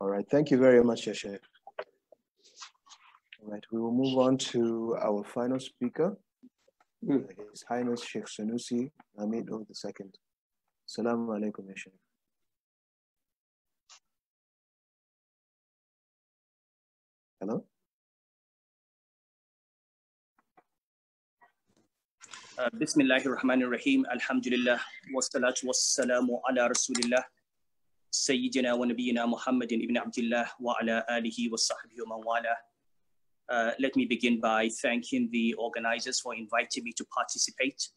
All right, thank you very much, Yashe. All right, we will move on to our final speaker, mm. His Highness Sheikh Sanusi Hamid of umm, the Second. Assalamu alaikum, Yashe. Hello? Uh, Bismillahir Rahmanir Rahim, Alhamdulillah, wassalatu wassalamu ala Rasulillah wa ونبينا Muhammadin ibn Abdullah wa ala alihi wa sahbihi wa uh, let me begin by thanking the organizers for inviting me to participate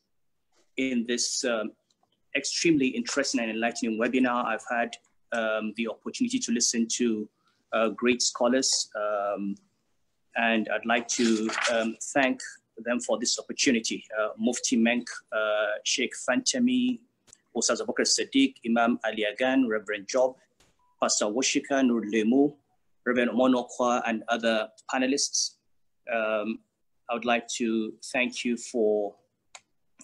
in this um, extremely interesting and enlightening webinar. I've had um, the opportunity to listen to uh, great scholars, um, and I'd like to um, thank them for this opportunity. Uh, Mufti Menk, uh, Sheikh Fantemi, Ustaz Abubakar Sadiq, Imam Ali Agan, Reverend Job, Pastor Washika Nur Lemu, Reverend Monokwa, and other panelists. Um, I would like to thank you for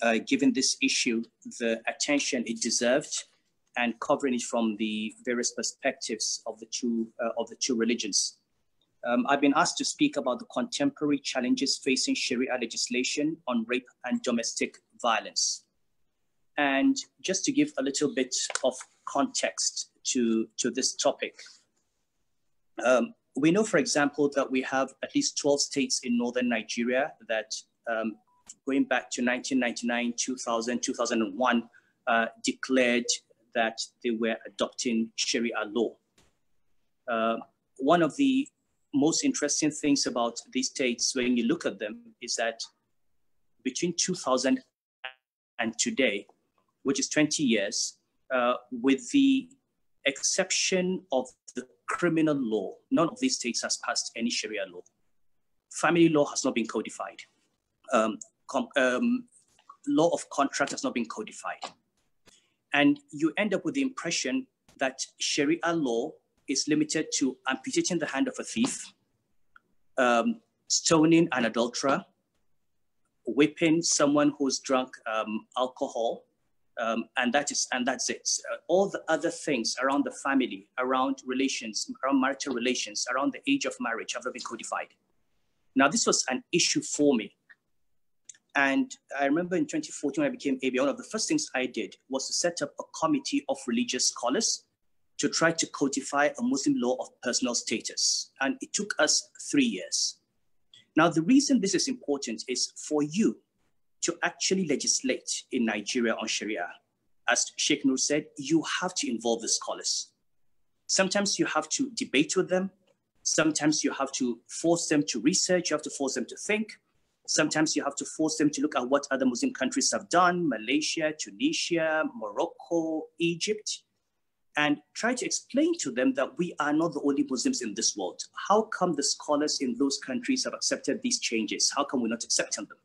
uh, giving this issue the attention it deserved and covering it from the various perspectives of the two, uh, of the two religions. Um, I've been asked to speak about the contemporary challenges facing Sharia legislation on rape and domestic violence. And just to give a little bit of context to, to this topic, um, we know, for example, that we have at least 12 states in northern Nigeria that, um, going back to 1999, 2000, 2001, uh, declared that they were adopting Sharia law. Uh, one of the most interesting things about these states, when you look at them, is that between 2000 and today, which is 20 years, uh, with the exception of the criminal law. None of these states has passed any Sharia law. Family law has not been codified. Um, um, law of contract has not been codified. And you end up with the impression that Sharia law is limited to amputating the hand of a thief, um, stoning an adulterer, whipping someone who's drunk um, alcohol, um, and that is and that's it. Uh, all the other things around the family, around relations, around marital relations, around the age of marriage have not been codified. Now, this was an issue for me. And I remember in 2014 when I became ABA, one of the first things I did was to set up a committee of religious scholars to try to codify a Muslim law of personal status. And it took us three years. Now, the reason this is important is for you to actually legislate in Nigeria on Sharia, as Sheikh Nur said, you have to involve the scholars. Sometimes you have to debate with them. Sometimes you have to force them to research. You have to force them to think. Sometimes you have to force them to look at what other Muslim countries have done Malaysia, Tunisia, Morocco, Egypt and try to explain to them that we are not the only Muslims in this world. How come the scholars in those countries have accepted these changes? How come we're not accepting them?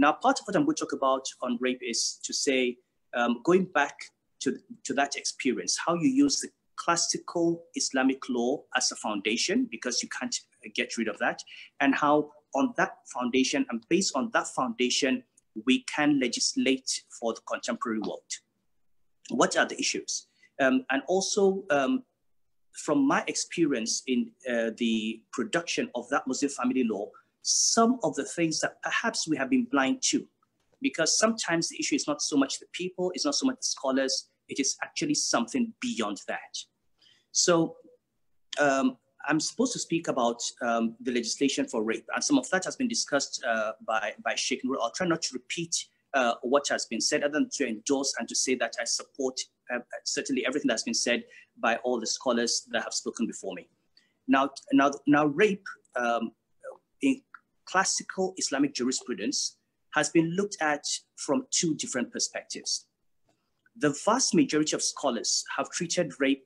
Now, part of what I'm going to talk about on rape is to say, um, going back to, to that experience, how you use the classical Islamic law as a foundation, because you can't get rid of that, and how on that foundation and based on that foundation, we can legislate for the contemporary world. What are the issues? Um, and also, um, from my experience in uh, the production of that Muslim family law, some of the things that perhaps we have been blind to. Because sometimes the issue is not so much the people, it's not so much the scholars, it is actually something beyond that. So um, I'm supposed to speak about um, the legislation for rape, and some of that has been discussed uh, by, by Sheikh Nur. I'll try not to repeat uh, what has been said, other than to endorse and to say that I support uh, certainly everything that's been said by all the scholars that have spoken before me. Now, now, now rape um, classical Islamic jurisprudence has been looked at from two different perspectives. The vast majority of scholars have treated rape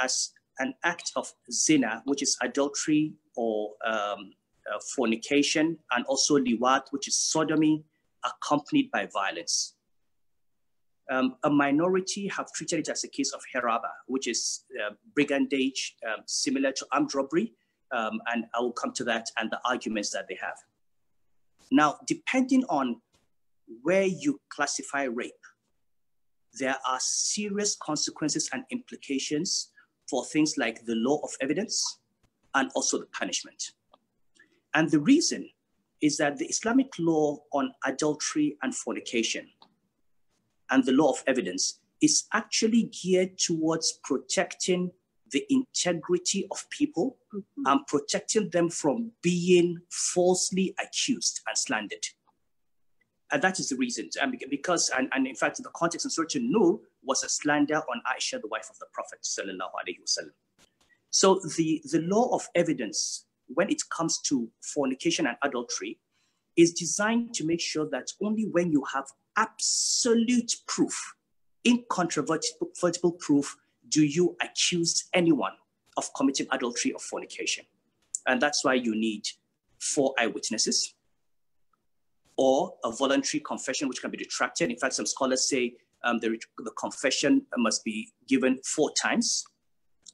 as an act of zina, which is adultery or um, uh, fornication, and also liwat, which is sodomy accompanied by violence. Um, a minority have treated it as a case of heraba, which is uh, brigandage um, similar to armed robbery, um, and I will come to that and the arguments that they have. Now, depending on where you classify rape, there are serious consequences and implications for things like the law of evidence and also the punishment. And the reason is that the Islamic law on adultery and fornication and the law of evidence is actually geared towards protecting the integrity of people mm-hmm. and protecting them from being falsely accused and slandered. And that is the reason, and because, and, and in fact, the context of Surah Nur was a slander on Aisha, the wife of the Prophet So the, the law of evidence, when it comes to fornication and adultery, is designed to make sure that only when you have absolute proof, incontrovertible proof do you accuse anyone of committing adultery or fornication? And that's why you need four eyewitnesses or a voluntary confession, which can be retracted. In fact, some scholars say um, the, the confession must be given four times.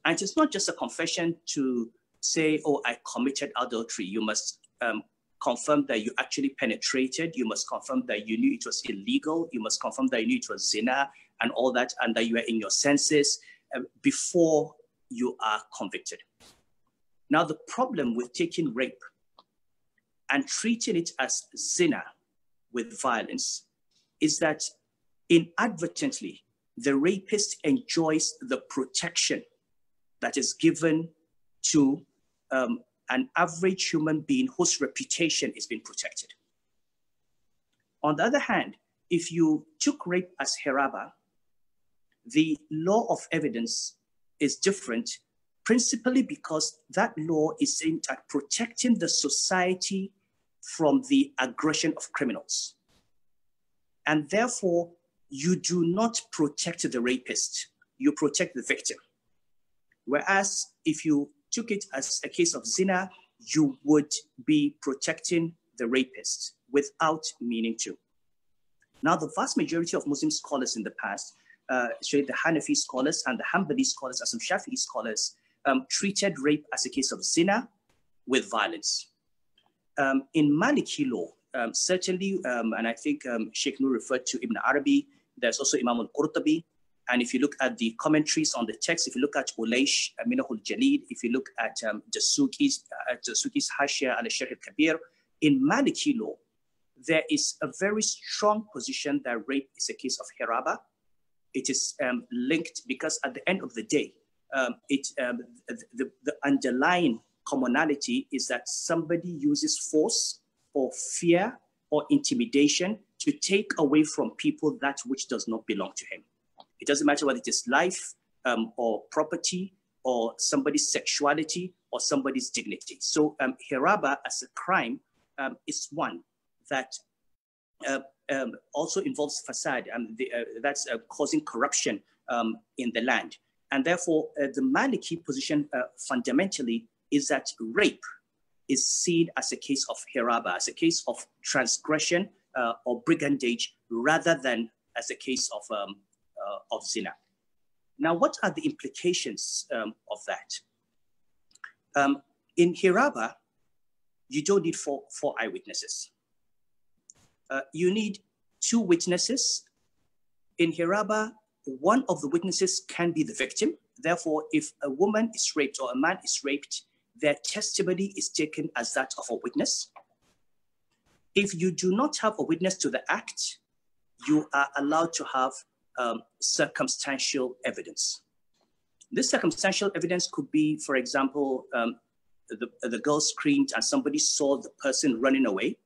And it's not just a confession to say, oh, I committed adultery. You must um, confirm that you actually penetrated. You must confirm that you knew it was illegal. You must confirm that you knew it was zina and all that, and that you were in your senses. Um, before you are convicted. Now, the problem with taking rape and treating it as zina with violence is that inadvertently, the rapist enjoys the protection that is given to um, an average human being whose reputation is being protected. On the other hand, if you took rape as heraba, the law of evidence is different, principally because that law is aimed at protecting the society from the aggression of criminals. And therefore, you do not protect the rapist, you protect the victim. Whereas if you took it as a case of zina, you would be protecting the rapist without meaning to. Now, the vast majority of Muslim scholars in the past uh, the Hanafi scholars and the Hanbali scholars and some Shafi'i scholars um, treated rape as a case of zina with violence. Um, in Maliki law, um, certainly, um, and I think um, Sheikh Nur referred to Ibn Arabi, there's also Imam al-Qurtubi, and if you look at the commentaries on the text, if you look at Ulaysh Aminahul Jalid, if you look at um, Jasuki's, uh, Jasuki's Hashia al Sheikh Kabir, in Maliki law, there is a very strong position that rape is a case of hiraba it is um, linked because at the end of the day, um, it, um, the, the underlying commonality is that somebody uses force or fear or intimidation to take away from people that which does not belong to him. It doesn't matter whether it is life um, or property or somebody's sexuality or somebody's dignity. So um, hiraba as a crime um, is one that uh, um, also involves facade, and um, the, uh, that's uh, causing corruption um, in the land. And therefore, uh, the Maliki position uh, fundamentally is that rape is seen as a case of hiraba, as a case of transgression uh, or brigandage, rather than as a case of, um, uh, of zina. Now, what are the implications um, of that? Um, in hiraba, you don't need four, four eyewitnesses uh, you need two witnesses. In Hiraba, one of the witnesses can be the victim. Therefore, if a woman is raped or a man is raped, their testimony is taken as that of a witness. If you do not have a witness to the act, you are allowed to have um, circumstantial evidence. This circumstantial evidence could be, for example, um, the, the girl screamed and somebody saw the person running away.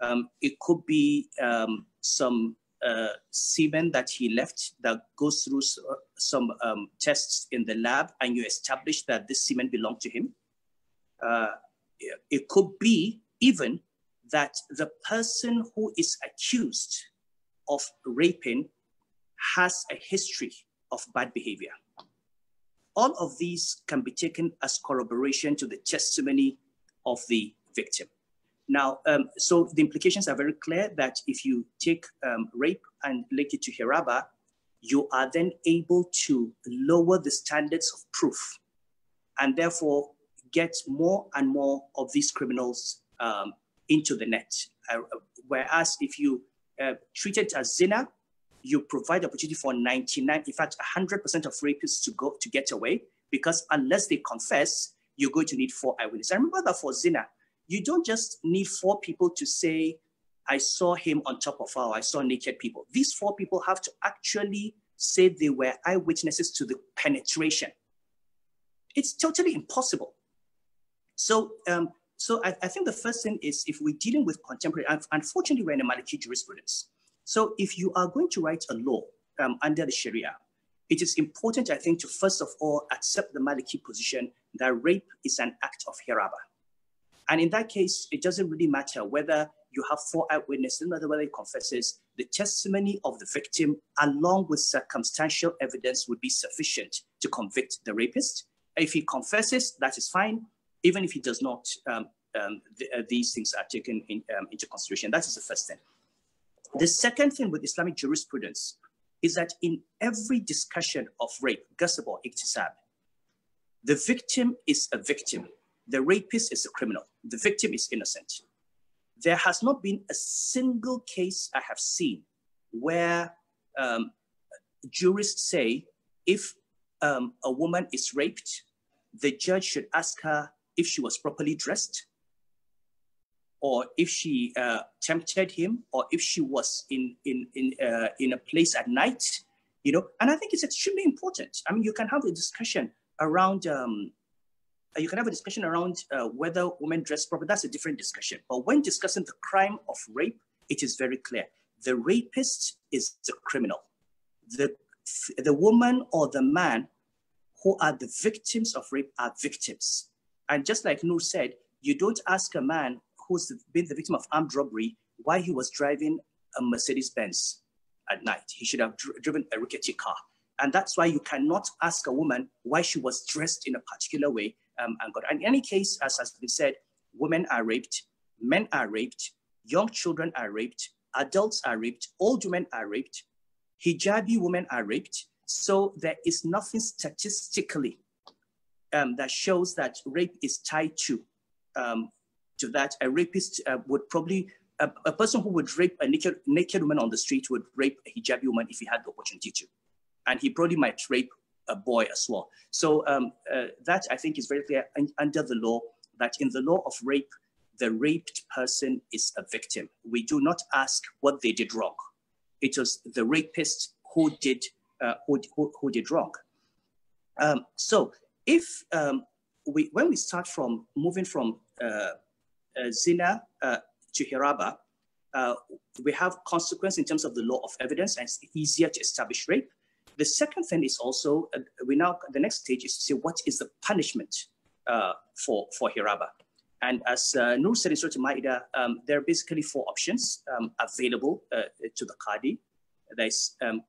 Um, it could be um, some uh, semen that he left that goes through uh, some um, tests in the lab and you establish that this semen belonged to him. Uh, it could be even that the person who is accused of raping has a history of bad behavior. All of these can be taken as corroboration to the testimony of the victim. Now, um, so the implications are very clear that if you take um, rape and link it to Hiraba, you are then able to lower the standards of proof and therefore get more and more of these criminals um, into the net. Uh, whereas if you uh, treat it as zina, you provide opportunity for 99, in fact, 100% of rapists to go to get away because unless they confess, you're going to need four eyewitnesses. I remember that for zina, you don't just need four people to say, I saw him on top of her, I saw naked people. These four people have to actually say they were eyewitnesses to the penetration. It's totally impossible. So, um, so I, I, think the first thing is if we're dealing with contemporary, unfortunately, we're in a Maliki jurisprudence. So if you are going to write a law um, under the Sharia, it is important, I think, to first of all accept the Maliki position that rape is an act of hiraba. And in that case, it doesn't really matter whether you have four eyewitnesses, no matter whether he confesses, the testimony of the victim, along with circumstantial evidence, would be sufficient to convict the rapist. If he confesses, that is fine. Even if he does not, um, um, uh, these things are taken in, um, into consideration. That is the first thing. The second thing with Islamic jurisprudence is that in every discussion of rape, ghasab or iktisab, the victim is a victim, the rapist is a criminal the victim is innocent. There has not been a single case I have seen where um, jurists say if um, a woman is raped, the judge should ask her if she was properly dressed, or if she uh, tempted him, or if she was in in in uh, in a place at night, you know. And I think it's extremely important. I mean, you can have a discussion around um, uh, you can have a discussion around uh, whether women dress properly. That's a different discussion. But when discussing the crime of rape, it is very clear. The rapist is the criminal. The, the woman or the man who are the victims of rape are victims. And just like Noor said, you don't ask a man who's been the victim of armed robbery why he was driving a Mercedes Benz at night. He should have dr driven a rickety car. And that's why you cannot ask a woman why she was dressed in a particular way um, and God. And in any case, as has been said, women are raped, men are raped, young children are raped, adults are raped, old women are raped, hijabi women are raped. So there is nothing statistically um, that shows that rape is tied to um, to that. A rapist uh, would probably a, a, person who would rape a naked, naked woman on the street would rape a hijabi woman if he had the opportunity to, and he probably might rape a boy as well. So um, uh, that I think is very clear and under the law that in the law of rape, the raped person is a victim. We do not ask what they did wrong. It was the rapist who did uh, who, who, who, did wrong. Um, so if um, we when we start from moving from uh, uh zina uh, to hiraba, uh, we have consequence in terms of the law of evidence, and it's easier to establish rape. The second thing is also uh, we now the next stage is to see what is the punishment uh, for for Hiraba. And as uh, Nur said in Surah Maida, um, there are basically four options um, available uh, to the Qadi. There's um,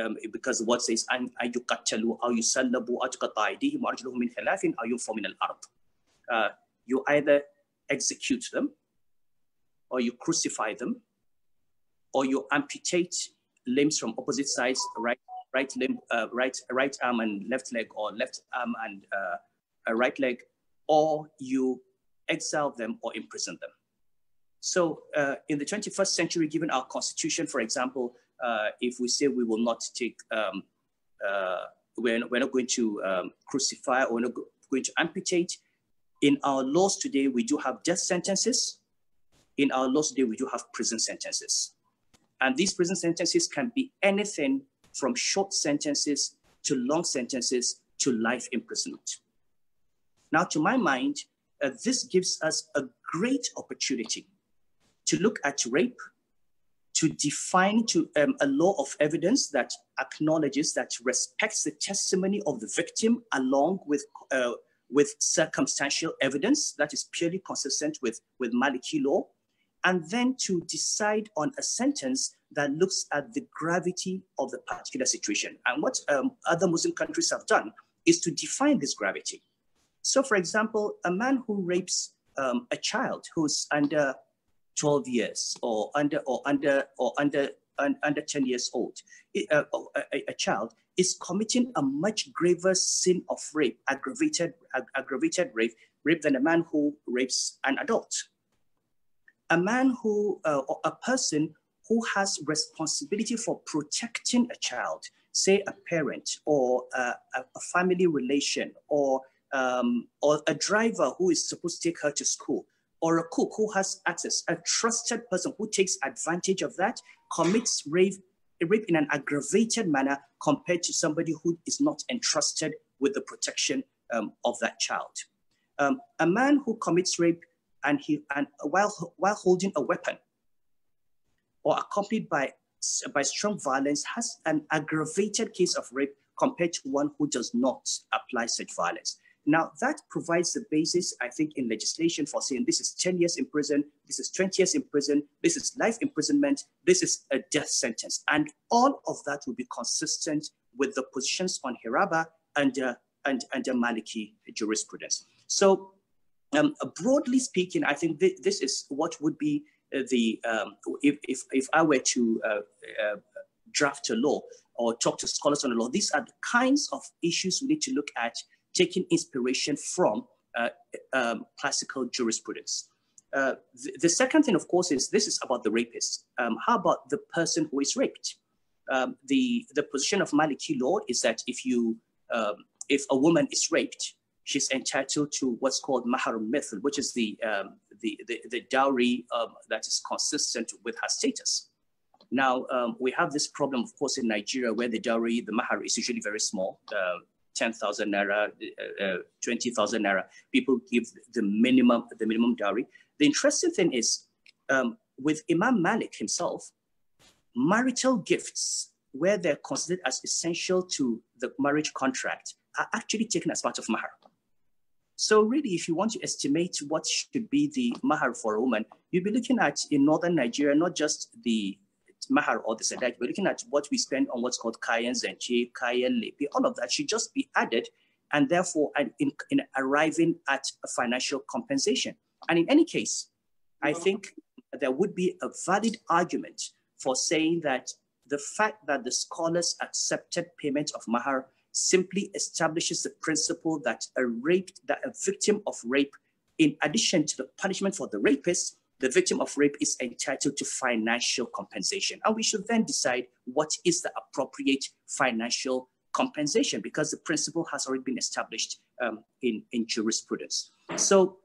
um, because the word says an ayukatalu aw yusallabu atqataidihim arjuluhum min khilafin aw yunfu min al-ard. Uh, you either execute them or you crucify them or you amputate limbs from opposite sides, right right limb, uh, right right arm and left leg, or left arm and uh, uh, right leg, or you exile them or imprison them. So uh, in the 21st century, given our constitution, for example, uh, if we say we will not take, um, uh, we're, we're not going to um, crucify or we're not going to amputate, in our laws today, we do have death sentences. In our laws today, we do have prison sentences. And these prison sentences can be anything from short sentences to long sentences to life imprisonment. Now, to my mind, uh, this gives us a great opportunity to look at rape, to define to um, a law of evidence that acknowledges that respects the testimony of the victim along with uh, with circumstantial evidence that is purely consistent with with Maliki law, and then to decide on a sentence that looks at the gravity of the particular situation. And what um, other Muslim countries have done is to define this gravity. So, for example, a man who rapes um, a child who's under 12 years or under or under or under un, under 10 years old, uh, a, a, child is committing a much graver sin of rape, aggravated ag aggravated rape, rape than a man who rapes an adult. A man who uh, or a person who has responsibility for protecting a child, say a parent or a, a family relation or, um, or a driver who is supposed to take her to school or a cook who has access, a trusted person who takes advantage of that, commits rape, rape in an aggravated manner compared to somebody who is not entrusted with the protection um, of that child. Um, a man who commits rape and he, and while, while holding a weapon or accompanied by, by strong violence has an aggravated case of rape compared to one who does not apply such violence. Now, that provides the basis, I think, in legislation for saying this is 10 years in prison, this is 20 years in prison, this is life imprisonment, this is a death sentence. And all of that will be consistent with the positions on Hiraba under, and, under Maliki jurisprudence. So, um, broadly speaking, I think th this is what would be the um, if, if, if I were to uh, uh, draft a law or talk to scholars on the law, these are the kinds of issues we need to look at, taking inspiration from uh, um, classical jurisprudence. Uh, the, the, second thing, of course, is this is about the rapist. Um, how about the person who is raped? Um, the, the position of Maliki law is that if you um, if a woman is raped, she's entitled to what's called mahar mithl, which is the, um, the, the, the, dowry um, that is consistent with her status. Now, um, we have this problem, of course, in Nigeria, where the dowry, the mahar is usually very small, uh, um, 10,000 naira, uh, uh, 20,000 naira. People give the minimum, the minimum dowry. The interesting thing is, um, with Imam Malik himself, marital gifts, where they're considered as essential to the marriage contract, are actually taken as part of mahar. So really, if you want to estimate what should be the mahar for a woman, you'll be looking at in northern Nigeria, not just the mahar or the sadak, we're looking at what we spend on what's called kayan zenche, kayan lepe, all of that should just be added and therefore in, in arriving at a financial compensation. And in any case, I think there would be a valid argument for saying that the fact that the scholars accepted payment of mahar simply establishes the principle that a raped, that a victim of rape, in addition to the punishment for the rapist, the victim of rape is entitled to financial compensation. And we should then decide what is the appropriate financial compensation because the principle has already been established um, in, in jurisprudence. So,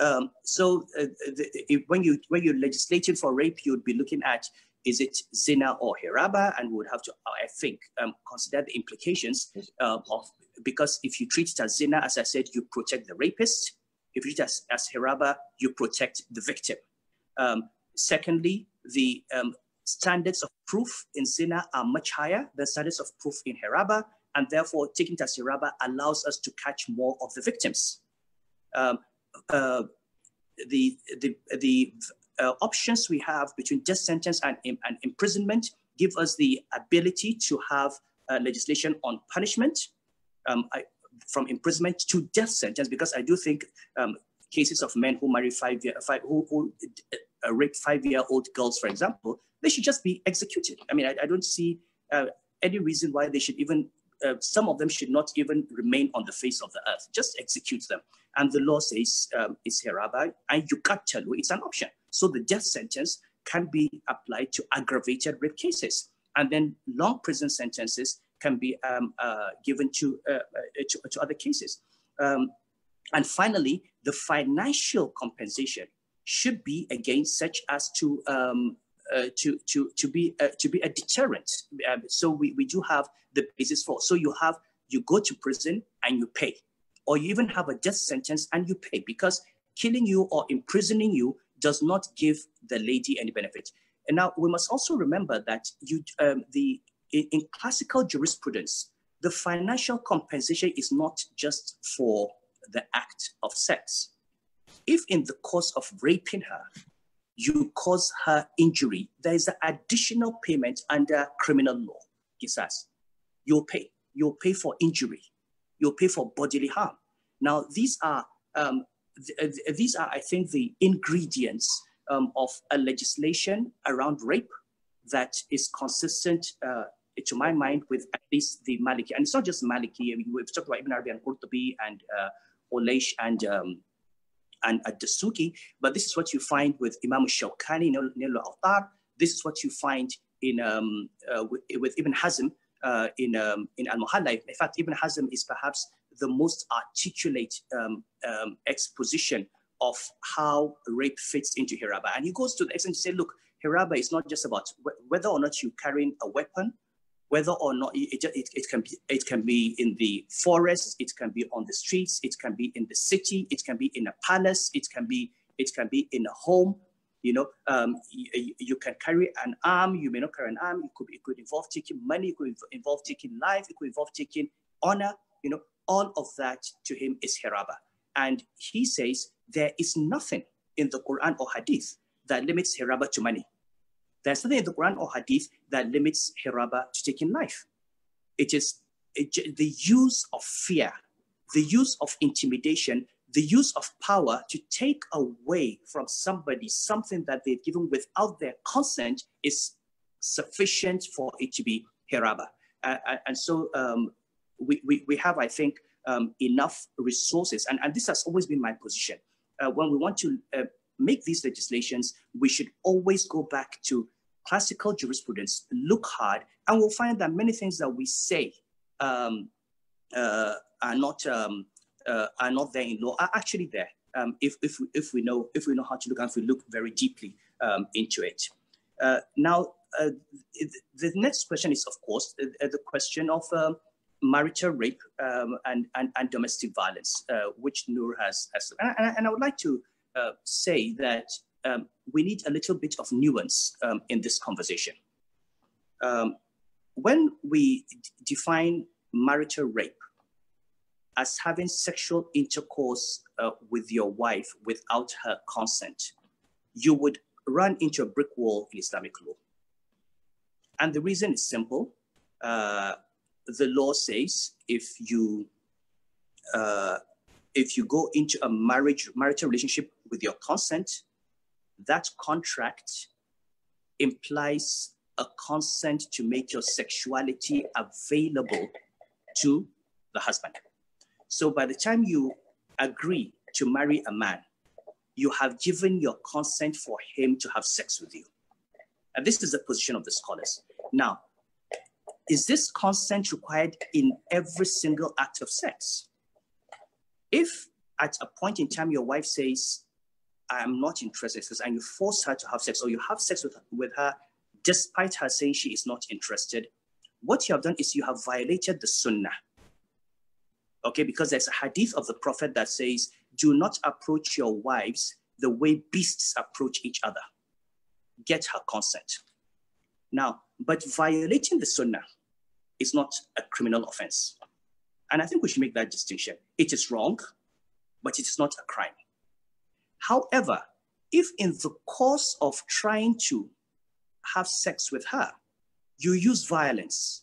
um, so uh, the, when, you, when you're legislating for rape, you'd be looking at is it zina or hiraba? And we would have to, I think, um, consider the implications uh, of, because if you treat it as zina, as I said, you protect the rapist. If you treat it as, as hiraba, you protect the victim. Um, secondly, the um, standards of proof in zina are much higher than standards of proof in hiraba, and therefore taking it as hiraba allows us to catch more of the victims. Um, uh, the the the uh, options we have between death sentence and, and imprisonment give us the ability to have uh, legislation on punishment um, I, from imprisonment to death sentence, because I do think um, cases of men who marry five year, five, who, who uh, rape five-year-old girls, for example, they should just be executed. I mean, I, I don't see uh, any reason why they should even uh, some of them should not even remain on the face of the earth. Just execute them. And the law says um, it's Rabbi, and you can't tell you it's an option. So the death sentence can be applied to aggravated rape cases. And then long prison sentences can be um, uh, given to, uh, uh to, to, other cases. Um, and finally, the financial compensation should be again such as to um, uh, to, to, to, be, uh, to be a deterrent. Um, so we, we do have the basis for. So you have, you go to prison and you pay, or you even have a death sentence and you pay because killing you or imprisoning you does not give the lady any benefit. And now we must also remember that you, um, the, in, in classical jurisprudence, the financial compensation is not just for the act of sex. If in the course of raping her, you cause her injury, there is an additional payment under criminal law. Gisas. You'll pay. You'll pay for injury. You'll pay for bodily harm. Now, these are, um, th uh, th uh, these are I think, the ingredients um, of a legislation around rape that is consistent, uh, to my mind, with at least the Maliki. And it's not just Maliki. I mean, we've talked about Ibn Arabi and Qurtubi and uh, Olesh and um, and at dasuki but this is what you find with Imam Shawkani, Nilu Altar. This is what you find in um, uh, with, with, Ibn Hazm uh, in, um, in Al-Muhalla. In fact, Ibn Hazm is perhaps the most articulate um, um exposition of how rape fits into Hiraba. And he goes to the extent to say, look, Hiraba is not just about whether or not you're carrying a weapon whether or not it, it, it, can be, it can be in the forest, it can be on the streets, it can be in the city, it can be in a palace, it can be, it can be in a home. You know, um, you, you, can carry an arm, you may not carry an arm, it could, it could involve taking money, it could involve taking life, it could involve taking honor, you know, all of that to him is hiraba. And he says there is nothing in the Quran or Hadith that limits hiraba to money. There's nothing in the Quran or Hadith that limits Hiraba to taking life. It is it, the use of fear, the use of intimidation, the use of power to take away from somebody something that they've given without their consent is sufficient for it to be Hiraba. Uh, and so um, we, we, we, have, I think, um, enough resources. And, and this has always been my position. Uh, when we want to uh, make these legislations, we should always go back to classical jurisprudence, look hard, and we'll find that many things that we say um, uh, are not um, uh, are not there in law are actually there um, if if we, if we know if we know how to look and if we look very deeply um, into it. Uh, now, uh, the next question is, of course, the, uh, uh, the question of um, marital rape um, and, and, and domestic violence, which Noor has, has and, and, I would like to uh, say that um, we need a little bit of nuance um, in this conversation. Um, when we define marital rape as having sexual intercourse uh, with your wife without her consent, you would run into a brick wall in Islamic law. And the reason is simple. Uh, the law says if you uh, if you go into a marriage marital relationship with your consent, that contract implies a consent to make your sexuality available to the husband. So by the time you agree to marry a man, you have given your consent for him to have sex with you. And this is the position of the scholars. Now, is this consent required in every single act of sex? If at a point in time your wife says, I'm not interested and you force her to have sex or you have sex with, with her despite her saying she is not interested, what you have done is you have violated the sunnah. Okay, because there's a hadith of the Prophet that says, do not approach your wives the way beasts approach each other. Get her consent. Now, but violating the sunnah is not a criminal offense. And I think we should make that distinction. It is wrong, but it is not a crime. However, if in the course of trying to have sex with her, you use violence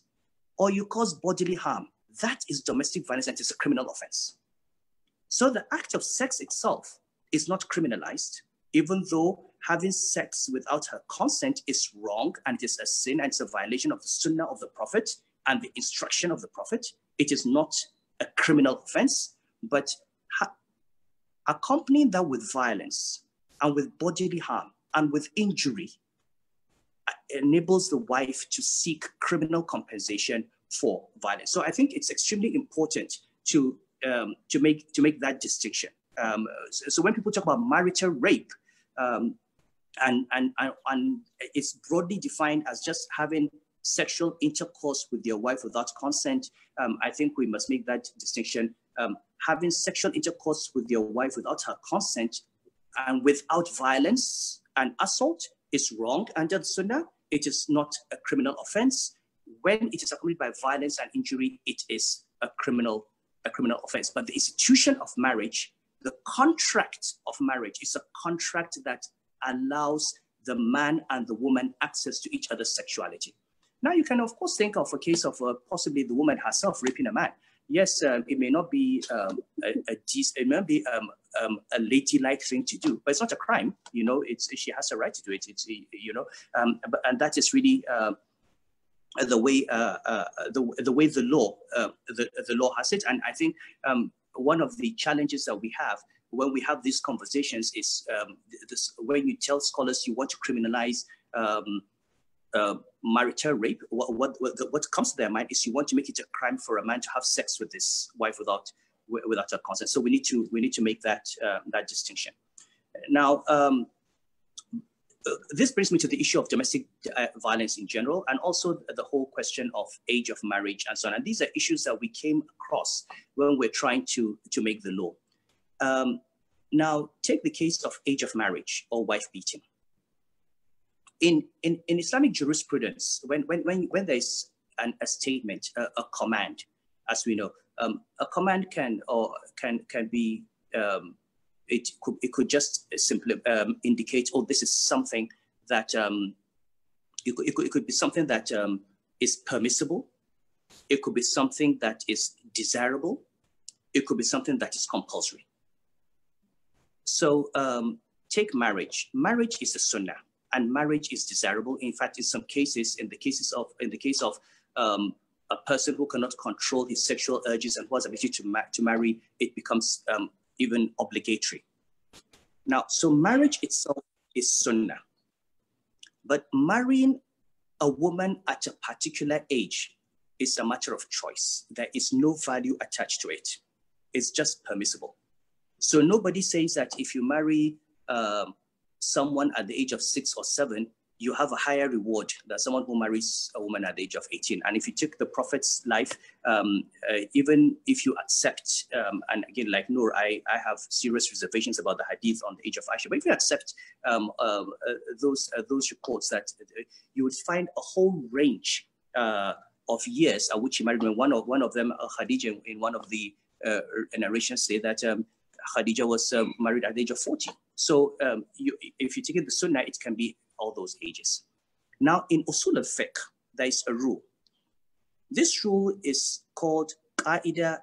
or you cause bodily harm, that is domestic violence and it's a criminal offense. So the act of sex itself is not criminalized, even though having sex without her consent is wrong and it's a sin and it's a violation of the sunnah of the Prophet and the instruction of the Prophet. It is not a criminal offense, but accompanying that with violence and with bodily harm and with injury uh, enables the wife to seek criminal compensation for violence. So I think it's extremely important to um, to make to make that distinction. Um, so, so, when people talk about marital rape, um, and, and and it's broadly defined as just having sexual intercourse with your wife without consent, um, I think we must make that distinction um, having sexual intercourse with your wife without her consent and without violence and assault is wrong under the Sunnah. It is not a criminal offense. When it is accompanied by violence and injury, it is a criminal, a criminal offense. But the institution of marriage, the contract of marriage, is a contract that allows the man and the woman access to each other's sexuality. Now you can of course think of a case of uh, possibly the woman herself raping a man yes, um, it may not be um, a, a it may be um, um, a ladylike thing to do, but it's not a crime. You know, it's she has a right to do it. It's you know, um, but, and that is really. Uh, the way uh, uh, the, the way the law uh, the, the law has it, and I think one of the challenges that we have when we have these conversations is this, when you tell scholars you want to criminalize um, uh, marital rape, what, what, what comes to their mind is you want to make it a crime for a man to have sex with his wife without, without her consent. So we need to, we need to make that, uh, that distinction. Now, um, this brings me to the issue of domestic uh, violence in general, and also the whole question of age of marriage and so on. And these are issues that we came across when we're trying to, to make the law. Um, now, take the case of age of marriage or wife beating in, in, in Islamic jurisprudence, when, when, when, when there's an, a statement, a, a, command, as we know, um, a command can or can can be um, it could it could just simply um, indicate, oh, this is something that um, it could, it, could, it could be something that um, is permissible, it could be something that is desirable, it could be something that is compulsory. So um, take marriage. Marriage is a sunnah and marriage is desirable. In fact, in some cases, in the cases of in the case of um, a person who cannot control his sexual urges and who has ability to, ma to marry, it becomes um, even obligatory. Now, so marriage itself is sunnah, but marrying a woman at a particular age is a matter of choice. There is no value attached to it. It's just permissible. So nobody says that if you marry um, someone at the age of six or seven, you have a higher reward than someone who marries a woman at the age of 18. And if you take the prophet's life, um, uh, even if you accept, um, and again, like Noor, I, I have serious reservations about the hadith on the age of Aisha, but if you accept um, uh, uh those, uh, those reports that uh, you would find a whole range uh, of years at which he married One of, one of them, Khadija, in one of the narrations say that um, Khadija was um, married at the age of 40. So um, you, if you take it the Sunnah, it can be all those ages. Now in Usul al-Fiqh, there is a rule. This rule is called Qaida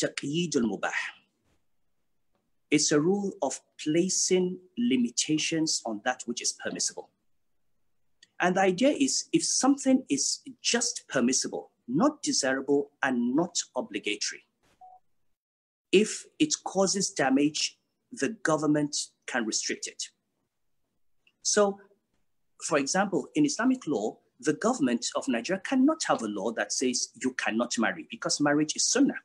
Taqyid al-Mubah. It's a rule of placing limitations on that which is permissible. And the idea is if something is just permissible, not desirable and not obligatory, if it causes damage, the government can restrict it. So, for example, in Islamic law, the government of Nigeria cannot have a law that says you cannot marry because marriage is sunnah.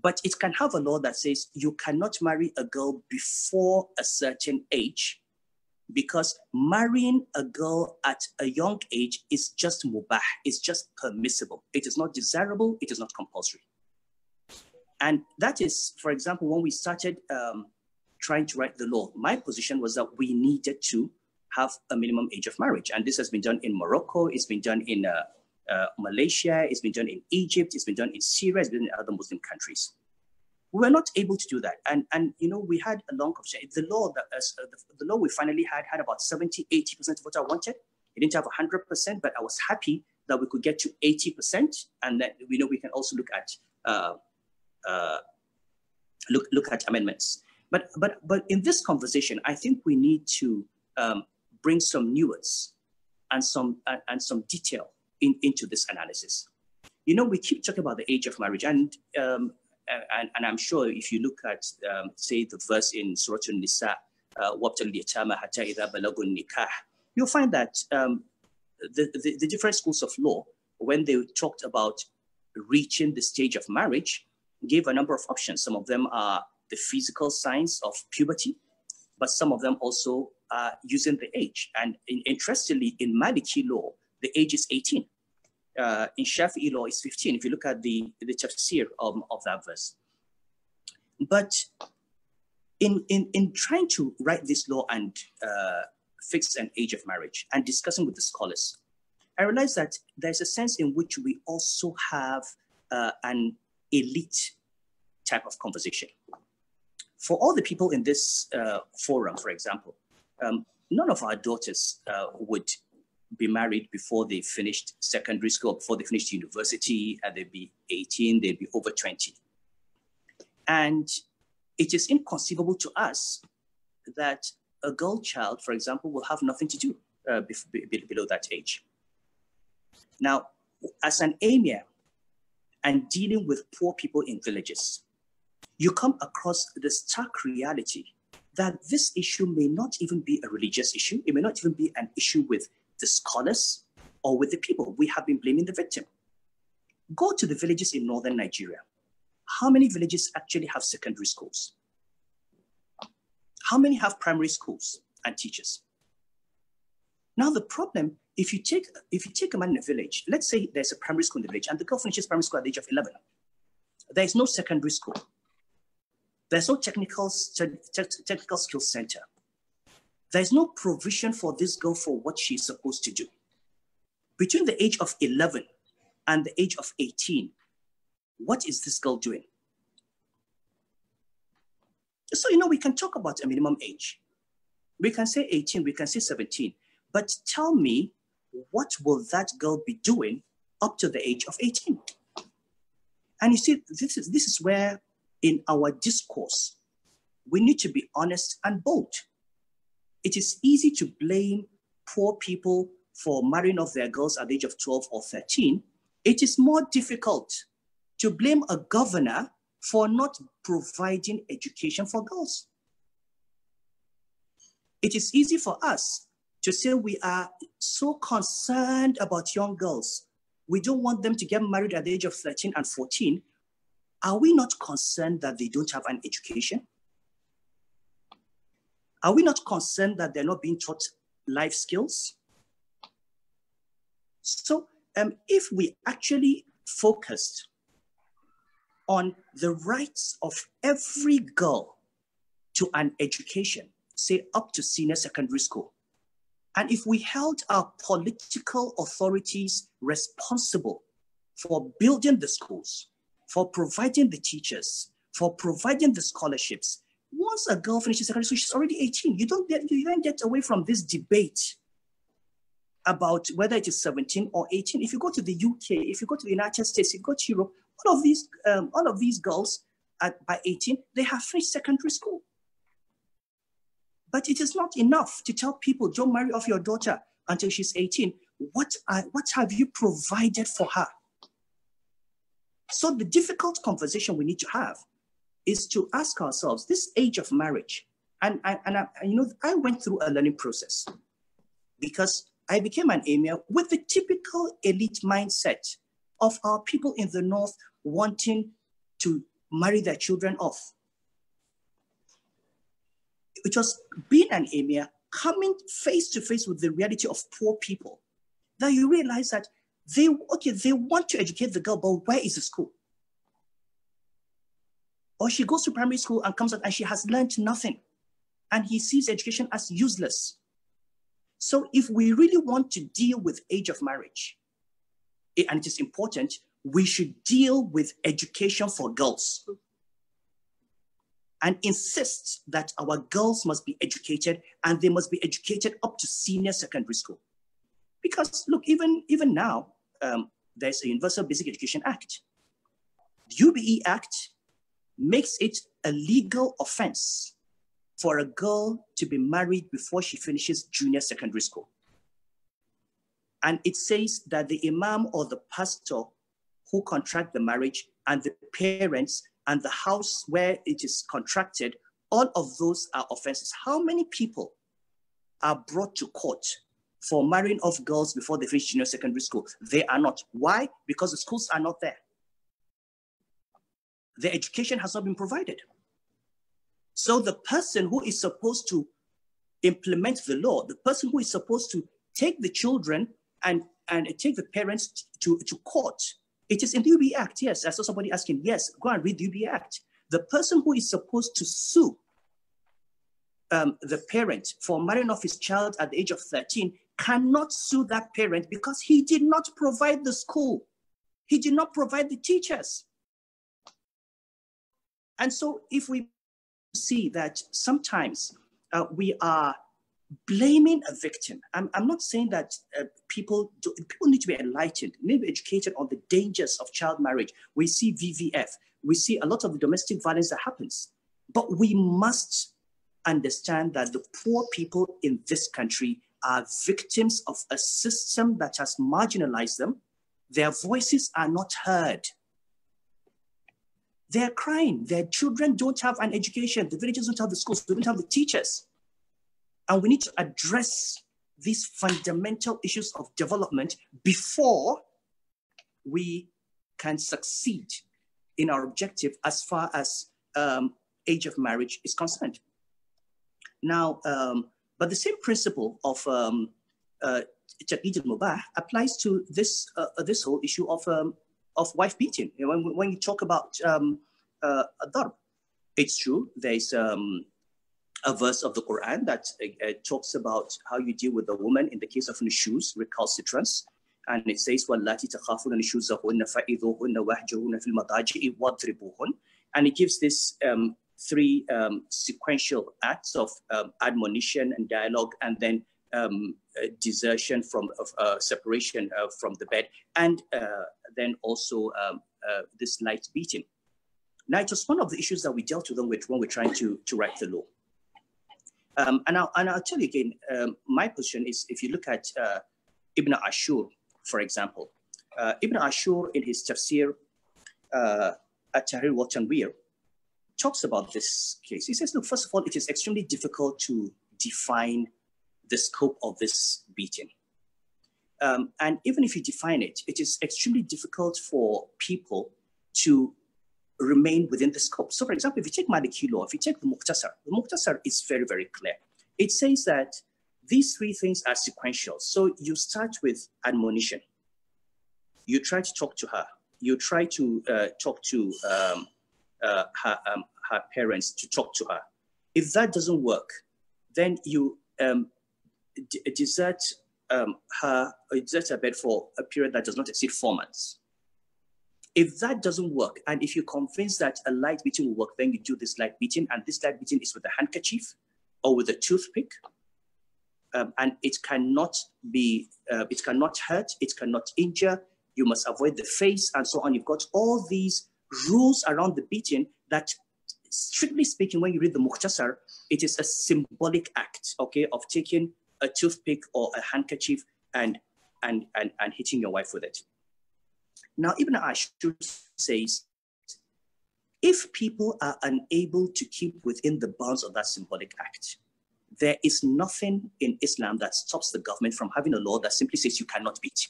But it can have a law that says you cannot marry a girl before a certain age because marrying a girl at a young age is just mubah, it's just permissible. It is not desirable, it is not compulsory. And that is, for example, when we started um, trying to write the law, my position was that we needed to have a minimum age of marriage. And this has been done in Morocco, it's been done in uh, uh, Malaysia, it's been done in Egypt, it's been done in Syria, it's been done in other Muslim countries. We were not able to do that. And, and you know, we had a long conversation. The law, that, uh, the, the law we finally had had about 70, 80% of what I wanted. It didn't have 100%, but I was happy that we could get to 80%. And that, we know, we can also look at uh, uh, look look at amendments. But but but in this conversation, I think we need to um, bring some nuance and some uh, and some detail in, into this analysis. You know, we keep talking about the age of marriage, and um, and, and, I'm sure if you look at um, say the verse in Surah An-Nisa, uh, you'll find that um, the, the, the different schools of law, when they talked about reaching the stage of marriage, gave a number of options. Some of them are the physical signs of puberty, but some of them also are using the age. And in, interestingly, in Maliki law, the age is 18. Uh, in Shafi'i law, it's 15, if you look at the, the tafsir of, of that verse. But in, in, in trying to write this law and uh, fix an age of marriage and discussing with the scholars, I realized that there's a sense in which we also have uh, an elite type of composition. For all the people in this uh, forum, for example, um, none of our daughters uh, would be married before they finished secondary school, before they finished university, and they'd be 18, they'd be over 20. And it is inconceivable to us that a girl child, for example, will have nothing to do uh, below that age. Now, as an emir, and dealing with poor people in villages, you come across the stark reality that this issue may not even be a religious issue. It may not even be an issue with the scholars or with the people. We have been blaming the victim. Go to the villages in northern Nigeria. How many villages actually have secondary schools? How many have primary schools and teachers? Now the problem, if you take if you take a man in a village, let's say there's a primary school in the village, and the girl finishes primary school at the age of 11. There is no secondary school. There's no technical technical skills center. There's no provision for this girl for what she's supposed to do. Between the age of 11 and the age of 18, what is this girl doing? So, you know, we can talk about a minimum age. We can say 18, we can say 17, but tell me, what will that girl be doing up to the age of 18? And you see, this is, this is where in our discourse, we need to be honest and bold. It is easy to blame poor people for marrying off their girls at the age of 12 or 13. It is more difficult to blame a governor for not providing education for girls. It is easy for us to say we are so concerned about young girls. We don't want them to get married at the age of 13 and 14. Are we not concerned that they don't have an education? Are we not concerned that they're not being taught life skills? So, um, if we actually focused on the rights of every girl to an education, say up to senior secondary school, and if we held our political authorities responsible for building the schools, for providing the teachers, for providing the scholarships, once a girl finishes secondary school, she's already 18. You don't get, you don't get away from this debate about whether it is 17 or 18. If you go to the UK, if you go to the United States, if you go to Europe, all of these, um, all of these girls at, by 18, they have finished secondary school. But it is not enough to tell people, don't marry off your daughter until she's 18. What, are, what have you provided for her? So the difficult conversation we need to have is to ask ourselves this age of marriage, and, and, and I, you know, I went through a learning process because I became an emir with the typical elite mindset of our people in the north wanting to marry their children off which was being an emir, coming face to face with the reality of poor people, that you realize that they okay, they want to educate the girl, but where is the school? Or she goes to primary school and comes out and she has learned nothing. And he sees education as useless. So if we really want to deal with age of marriage, eh, and it is important, we should deal with education for girls and insists that our girls must be educated and they must be educated up to senior secondary school. Because look, even, even now, um, there's a Universal Basic Education Act. The UBE Act makes it a legal offense for a girl to be married before she finishes junior secondary school. And it says that the imam or the pastor who contract the marriage and the parents and the house where it is contracted, all of those are offenses. How many people are brought to court for marrying off girls before they finish junior secondary school? They are not. Why? Because the schools are not there. The education has not been provided. So the person who is supposed to implement the law, the person who is supposed to take the children and, and take the parents to, to court it is in the UB Act, yes. I saw somebody asking, yes, go and read the UB Act. The person who is supposed to sue um, the parent for marrying off his child at the age of 13 cannot sue that parent because he did not provide the school. He did not provide the teachers. And so if we see that sometimes uh, we are blaming a victim. I'm, I'm not saying that uh, people do, people need to be enlightened, need to be educated on the dangers of child marriage. We see VVF, we see a lot of domestic violence that happens, but we must understand that the poor people in this country are victims of a system that has marginalized them. Their voices are not heard. They're crying. Their children don't have an education. The villages don't have the schools. They don't have the teachers. And we need to address these fundamental issues of development before we can succeed in our objective as far as um, age of marriage is concerned. Now, um, but the same principle of um, uh, Mubah applies to this, uh, this whole issue of, um, of wife beating. You know, when, when you talk about um, uh, it's true, there's um, a verse of the Quran that uh, uh, talks about how you deal with a woman in the case of nushuz, recalcitrance. And it says, وَاللَّاتِ تَخَافُونَ نُشُوزَهُنَّ فَإِذُوهُنَّ And it gives this um, three um, sequential acts of um, admonition and dialogue and then um, uh, desertion from of, uh, separation uh, from the bed and uh, then also um, uh, this light beating. Now, it was one of the issues that we dealt with when we're trying to, to write the law. Um, and, I'll, and I'll tell you again, um, my position is if you look at uh, Ibn Ashur, for example, uh, Ibn Ashur in his tafsir, uh, at Tahrir wa Tanwir, talks about this case. He says, look, first of all, it is extremely difficult to define the scope of this beating. Um, and even if you define it, it is extremely difficult for people to remain within the scope. So for example, if you take Maliki if you take the Muqtasar, the Muqtasar is very, very clear. It says that these three things are sequential. So you start with admonition. You try to talk to her. You try to uh, talk to um, uh, her, um, her parents to talk to her. If that doesn't work, then you um, desert um, her, desert her bed for a period that does not exceed four months. If that doesn't work, and if you are convinced that a light beating will work, then you do this light beating, and this light beating is with a handkerchief or with a toothpick, um, and it cannot be, uh, it cannot hurt, it cannot injure. You must avoid the face and so on. You've got all these rules around the beating that strictly speaking, when you read the Mukhtasar, it is a symbolic act, okay, of taking a toothpick or a handkerchief and and and, and hitting your wife with it. Now, Ibn Ashur says, if people are unable to keep within the bounds of that symbolic act, there is nothing in Islam that stops the government from having a law that simply says you cannot beat.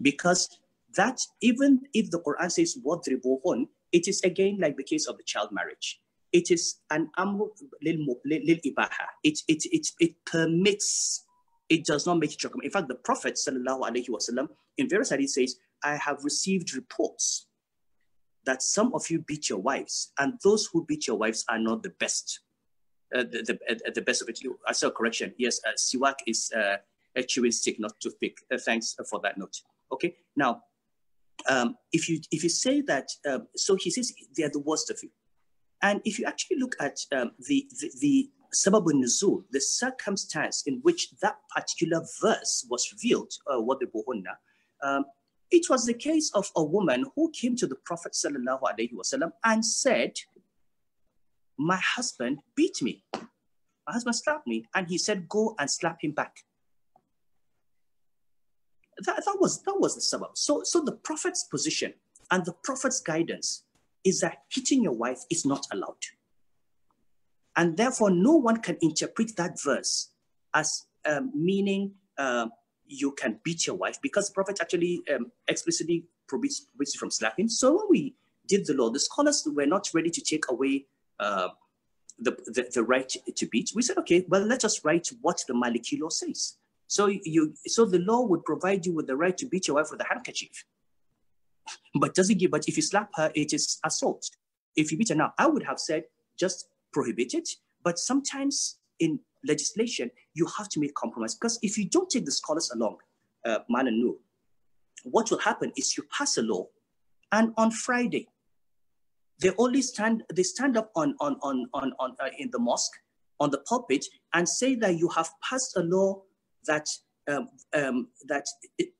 Because that, even if the Quran says, وَضْرِبُوهُنْ it is again like the case of the child marriage. It is an amr lil ibaha. It, it, it, it permits, it does not make it recommend. In fact, the Prophet sallallahu alaihi wasallam in various hadith says, I have received reports that some of you beat your wives, and those who beat your wives are not the best. Uh, the, the, uh, the best of it. You, I saw a correction. Yes, uh, siwak is uh, a chewing stick, not toothpick. Uh, thanks for that note. Okay. Now, um, if you if you say that, um, so he says they are the worst of you, and if you actually look at um, the the, the nuzul, the circumstance in which that particular verse was revealed, uh, what the buhunna, um, it was the case of a woman who came to the Prophet wasallam and said, My husband beat me. My husband slapped me. And he said, Go and slap him back. That, that, was, that was the sabab. So, so the Prophet's position and the Prophet's guidance is that hitting your wife is not allowed. And therefore, no one can interpret that verse as um, meaning uh, you can beat your wife because the Prophet actually um, explicitly prohibits, prohibits from slapping. So when we did the law, the scholars were not ready to take away uh, the, the, the, right to beat. We said, okay, well, let us write what the Maliki law says. So you, so the law would provide you with the right to beat your wife with a handkerchief. But does it give, but if you slap her, it is assault. If you beat her now, I would have said just prohibit it. But sometimes in legislation, you have to make compromise. Because if you don't take the scholars along, uh, man and no, what will happen is you pass a law, and on Friday, they only stand they stand up on on on on, on uh, in the mosque on the pulpit and say that you have passed a law that um, um, that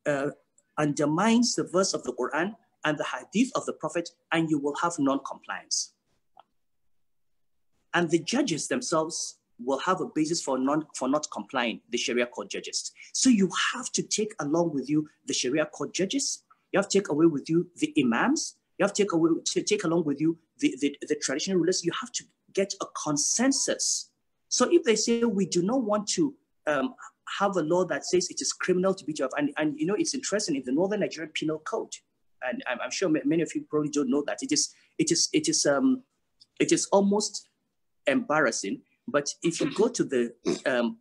uh, undermines the verse of the Quran and the hadith of the Prophet, and you will have non-compliance. And the judges themselves will have a basis for, non, for not complying the Sharia court judges. So you have to take along with you the Sharia court judges, you have to take away with you the imams, you have to take, away, to take along with you the, the, the traditional rulers, you have to get a consensus. So if they say we do not want to um, have a law that says it is criminal to beat your wife, and, and you know it's interesting in the Northern Nigerian Penal Code, and I'm, I'm sure many of you probably don't know that it is it is it is um, it is almost embarrassing but if you go to the um,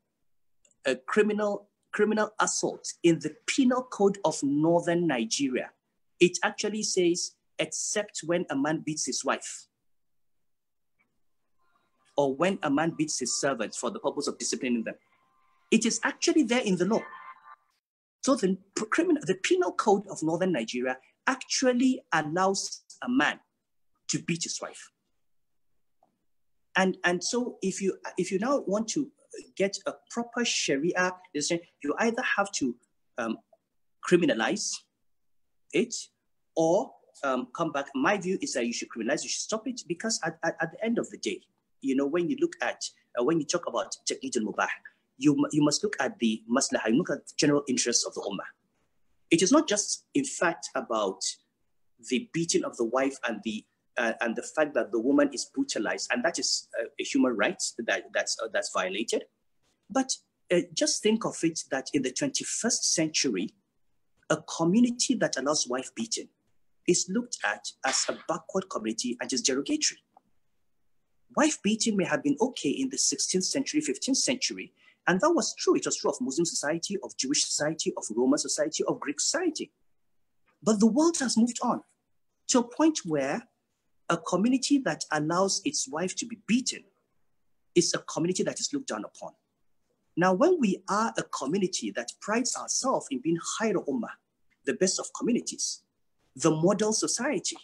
criminal criminal assault in the penal code of northern Nigeria, it actually says except when a man beats his wife or when a man beats his servants for the purpose of disciplining them. It is actually there in the law. So the, criminal, the penal code of northern Nigeria actually allows a man to beat his wife. And, and so if you, if you now want to get a proper Sharia decision, you either have to um, criminalize it or um, come back. My view is that you should criminalize, you should stop it because at, at, at the end of the day, you know, when you look at, uh, when you talk about Taqid al-Mubah, you, you must look at the maslahah, you look at the general interests of the ummah. It is not just, in fact, about the beating of the wife and the uh, and the fact that the woman is brutalized, and that is uh, a human right that, that's, uh, that's violated. But uh, just think of it that in the 21st century, a community that allows wife beating is looked at as a backward community and is derogatory. Wife beating may have been okay in the 16th century, 15th century, and that was true. It was true of Muslim society, of Jewish society, of Roman society, of Greek society. But the world has moved on to a point where a community that allows its wife to be beaten is a community that is looked down upon. Now, when we are a community that prides ourselves in being higher Ummah, the best of communities, the model society,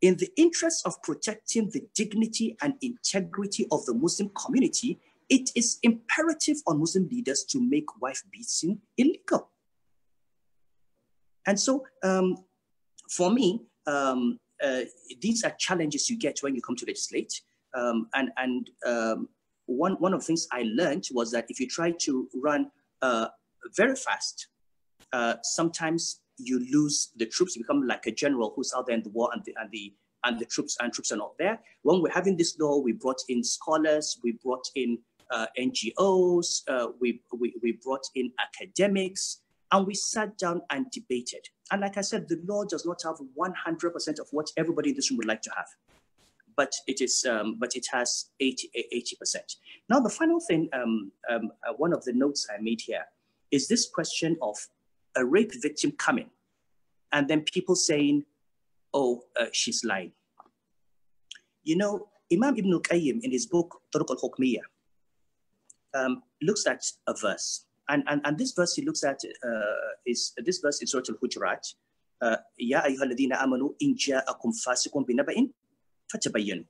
in the interest of protecting the dignity and integrity of the Muslim community, it is imperative on Muslim leaders to make wife beating illegal. And so, um, for me, um, uh, these are challenges you get when you come to legislate. Um, and and um, one, one of the things I learned was that if you try to run uh, very fast, uh, sometimes you lose the troops, you become like a general who's out there in the war and the, and the and the troops and troops are not there. When we're having this law, we brought in scholars, we brought in uh, NGOs, uh, we, we, we, brought in academics, and we sat down and debated. And like I said, the law does not have 100% of what everybody in this room would like to have. But it is, um, but it has 80, percent Now, the final thing, um, um, uh, one of the notes I made here is this question of a rape victim coming and then people saying, oh, uh, she's lying. You know, Imam Ibn al-Qayyim in his book, Turuq al-Hukmiyah, um, looks at a verse and, and, and this verse he looks at uh, is this verse in Surah Al-Hujurat. يا uh, أيها amanu آمنوا إن جاءكم binaba'in. بنبأ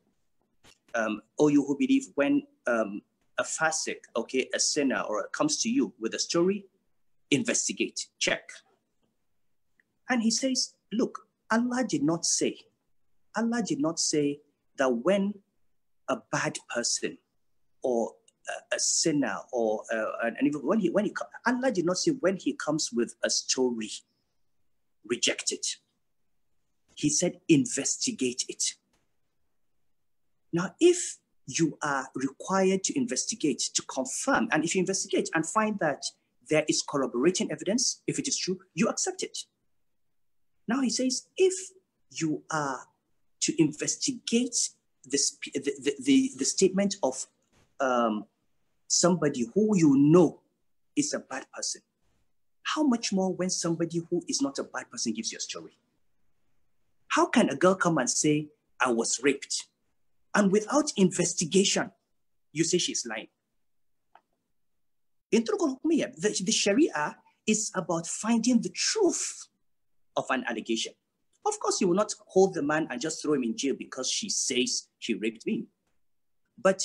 Um, oh, you who believe, when um, a fasik, okay, a sinner, or comes to you with a story, investigate, check. And he says, look, Allah did not say, Allah did not say that when a bad person or a, sinner or uh, and, even when he when he Allah did not say when he comes with a story, reject it. He said investigate it. Now, if you are required to investigate to confirm, and if you investigate and find that there is corroborating evidence, if it is true, you accept it. Now he says, if you are to investigate this, the, the, the, the statement of um, somebody who you know is a bad person, how much more when somebody who is not a bad person gives you a story? How can a girl come and say, I was raped? And without investigation, you say she's lying. In the, the Sharia is about finding the truth of an allegation. Of course, you will not hold the man and just throw him in jail because she says she raped me. But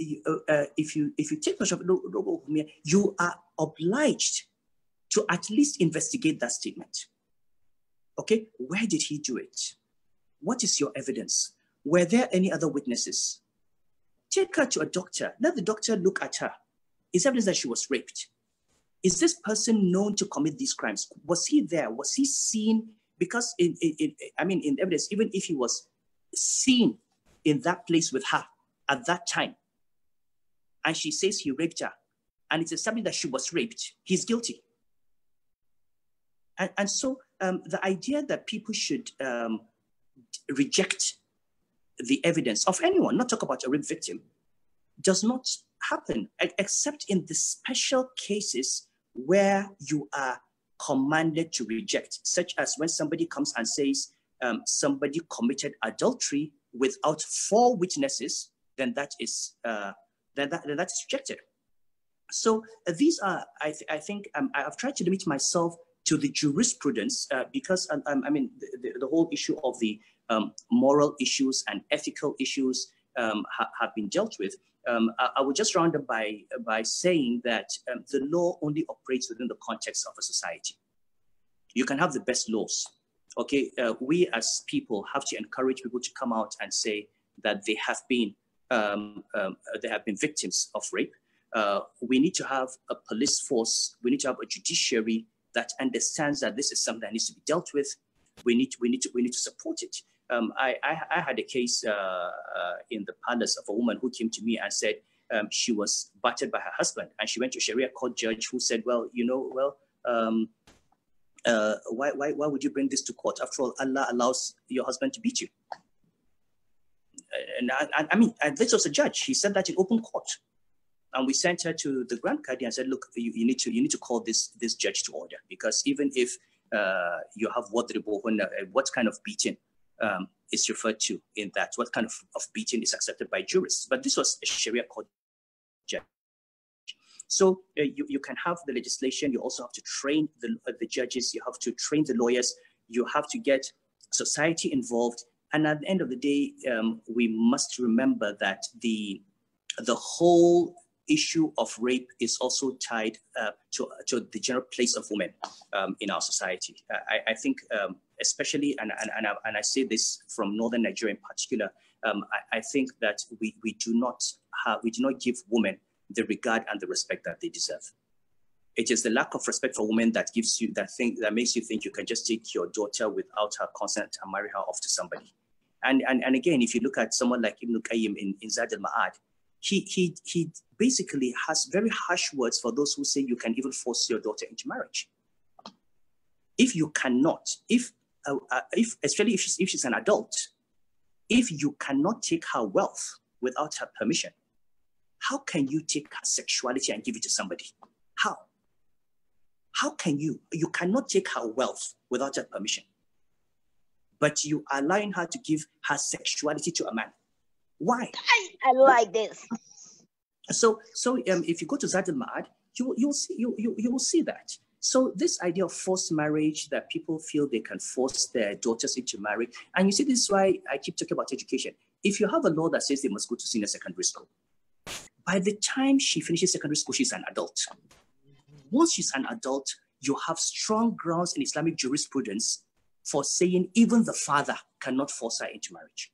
uh, uh, if you if you take possession of you are obliged to at least investigate that statement. Okay, where did he do it? What is your evidence? Were there any other witnesses? Take her to a doctor. Let the doctor look at her. Is evidence that she was raped? Is this person known to commit these crimes? Was he there? Was he seen? Because in, in, in I mean, in evidence, even if he was seen in that place with her at that time, and she says he raped her, and it's something that she was raped, he's guilty. And, and so um, the idea that people should um, reject the evidence of anyone, not talk about a rape victim, does not happen, except in the special cases where you are commanded to reject, such as when somebody comes and says um, somebody committed adultery without four witnesses, then that is uh, that, that's rejected. So uh, these are, I, th I think, um, I've tried to limit myself to the jurisprudence uh, because, um, um I mean, the, the, whole issue of the um, moral issues and ethical issues um, ha have been dealt with. Um, I, I would just round up by, by saying that the law only operates within the context of a society. You can have the best laws. Okay, uh, we as people have to encourage people to come out and say that they have been um, um, uh, that have been victims of rape. Uh, we need to have a police force. We need to have a judiciary that understands that this is something that needs to be dealt with. We need to, we need to, we need to support it. Um, I, I, I, had a case uh, uh, in the palace of a woman who came to me and said um, she was battered by her husband, and she went to a Sharia court judge who said, "Well, you know, well, um, uh, why, why, why would you bring this to court? After all, Allah allows your husband to beat you." and I, I mean, and this was a judge. He said that in open court, and we sent her to the grand caddy and said, "Look, you, you, need to you need to call this this judge to order because even if uh, you have what when uh, what kind of beating um, is referred to in that? What kind of, of beating is accepted by jurists? But this was a Sharia court judge." So uh, you, you can have the legislation. You also have to train the, uh, the judges. You have to train the lawyers. You have to get society involved and at the end of the day, um, we must remember that the the whole issue of rape is also tied uh, to, to the general place of women um, in our society. I, I think, um, especially, and, and, and I, and, I, say this from Northern Nigeria in particular, um, I, I, think that we, we do not have, we do not give women the regard and the respect that they deserve. It is the lack of respect for women that gives you that thing that makes you think you can just take your daughter without her consent and marry her off to somebody. And and, and again, if you look at someone like Ibn Qayyim in, in Zad al Ma'ad, he he he basically has very harsh words for those who say you can even force your daughter into marriage. If you cannot, if uh, uh, if especially if she's, if she's an adult, if you cannot take her wealth without her permission, how can you take her sexuality and give it to somebody? How can you? You cannot take her wealth without her permission. But you are allowing her to give her sexuality to a man. Why? I, I like this. So, so um, if you go to Zadul Mad, you, you'll see, you, you, you will see that. So this idea of forced marriage that people feel they can force their daughters into marriage, and you see this is why I keep talking about education. If you have a law that says they must go to senior secondary school, by the time she finishes secondary school, she's an adult once she's an adult, you have strong grounds in Islamic jurisprudence for saying even the father cannot force her into marriage.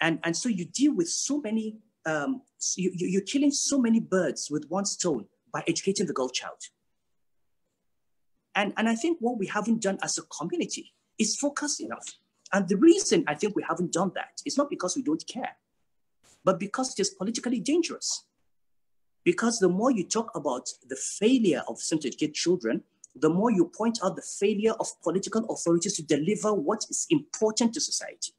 And, and so you deal with so many, um, you, you're killing so many birds with one stone by educating the girl child. And, and I think what we haven't done as a community is focus enough. And the reason I think we haven't done that is not because we don't care, but because it is politically dangerous. Because the more you talk about the failure of symptom educated children, the more you point out the failure of political authorities to deliver what is important to society.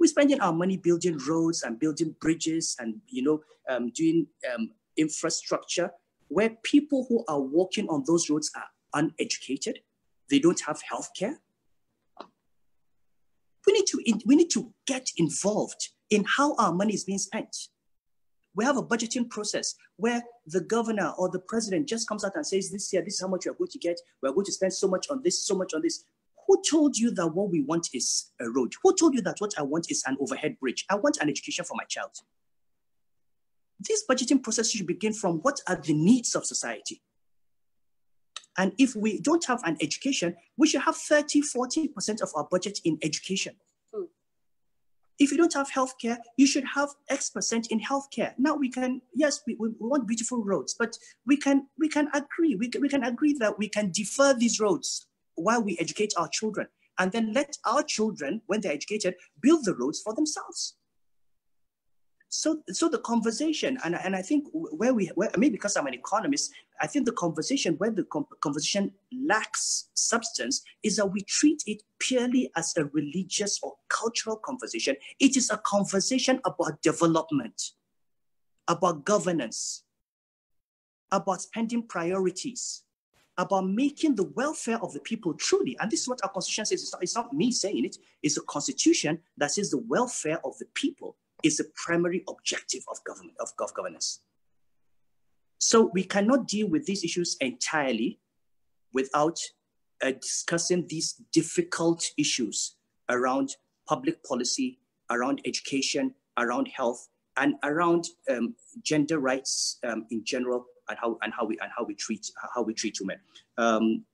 We're spending our money building roads and building bridges and you know um, doing um, infrastructure where people who are walking on those roads are uneducated, they don't have health care. We need to we need to get involved in how our money is being spent. We have a budgeting process where the governor or the president just comes out and says, This year, this is how much we are going to get. We're going to spend so much on this, so much on this. Who told you that what we want is a road? Who told you that what I want is an overhead bridge? I want an education for my child. This budgeting process should begin from what are the needs of society? And if we don't have an education, we should have 30, 40% of our budget in education if you don't have healthcare, you should have X percent in healthcare. Now we can, yes, we, we, want beautiful roads, but we can we can agree, we can, we can agree that we can defer these roads while we educate our children. And then let our children, when they're educated, build the roads for themselves. So, so the conversation, and, and I think where we, where, I mean, because I'm an economist, I think the conversation, where the conversation lacks substance, is that we treat it purely as a religious or cultural conversation. It is a conversation about development, about governance, about spending priorities, about making the welfare of the people truly, and this is what our constitution says, it's not, it's not me saying it, it's the constitution that says the welfare of the people is the primary objective of government of, of governance. So we cannot deal with these issues entirely without uh, discussing these difficult issues around public policy, around education, around health, and around um, gender rights um, in general, and how and how we and how we treat how we treat women. Um,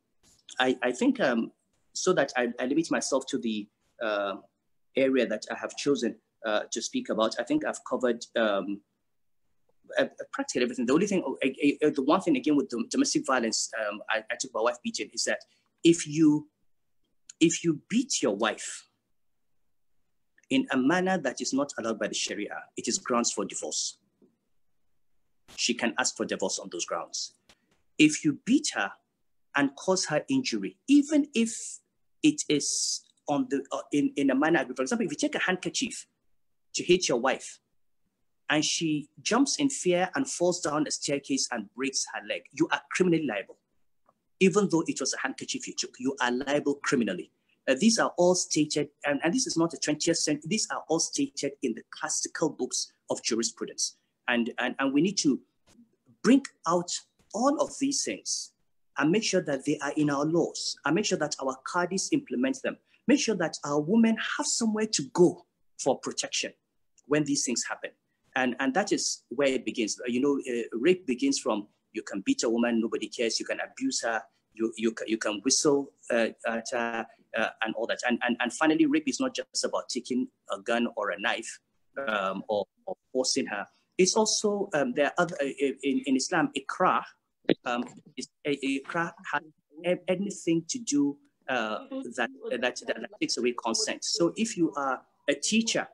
I, I think um, so that I, I, limit myself to the uh, area that I have chosen uh, to speak about. I think I've covered um, uh, practically everything. The only thing, oh, the one thing again with domestic violence, um, I, I took my wife beating is that if you if you beat your wife in a manner that is not allowed by the Sharia, it is grounds for divorce. She can ask for divorce on those grounds. If you beat her and cause her injury, even if it is on the uh, in, in a manner, for example, if you take a handkerchief to hit your wife. And she jumps in fear and falls down a staircase and breaks her leg. You are criminally liable. Even though it was a handkerchief you took, you are liable criminally. Uh, these are all stated, and, and this is not a 20th century, these are all stated in the classical books of jurisprudence. And, and, and we need to bring out all of these things and make sure that they are in our laws and make sure that our cadis implement them. Make sure that our women have somewhere to go for protection when these things happen. And, and that is where it begins. Uh, you know, uh, rape begins from you can beat a woman, nobody cares, you can abuse her, you, you, you can whistle uh, at her, uh, and all that. And, and, and finally, rape is not just about taking a gun or a knife um, or, or, forcing her. It's also, um, there are other, uh, in, in Islam, ikra, um, is, uh, ikra has anything to do uh, that, that, that takes away consent. So if you are a teacher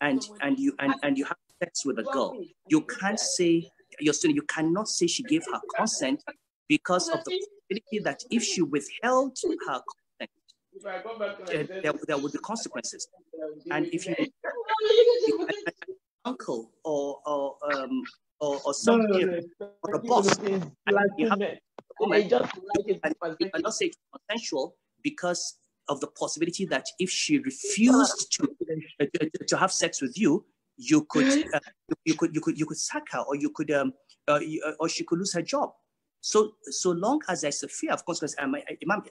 and and you and, and you have sex with a girl, you can't say your student, you cannot say she gave her consent because of the possibility that if she withheld her consent, eh, there, there would be consequences. And if you an uncle or or um or, or somebody no, no, no. or a boss, you have a woman, and you cannot say it's consensual because of the possibility that if she refused to, uh, to, have sex with you, you could, uh, you could, you could, you could sack her, or you could, um, uh, uh, or she could lose her job. So, so long as there's a fear, of course, because Imam,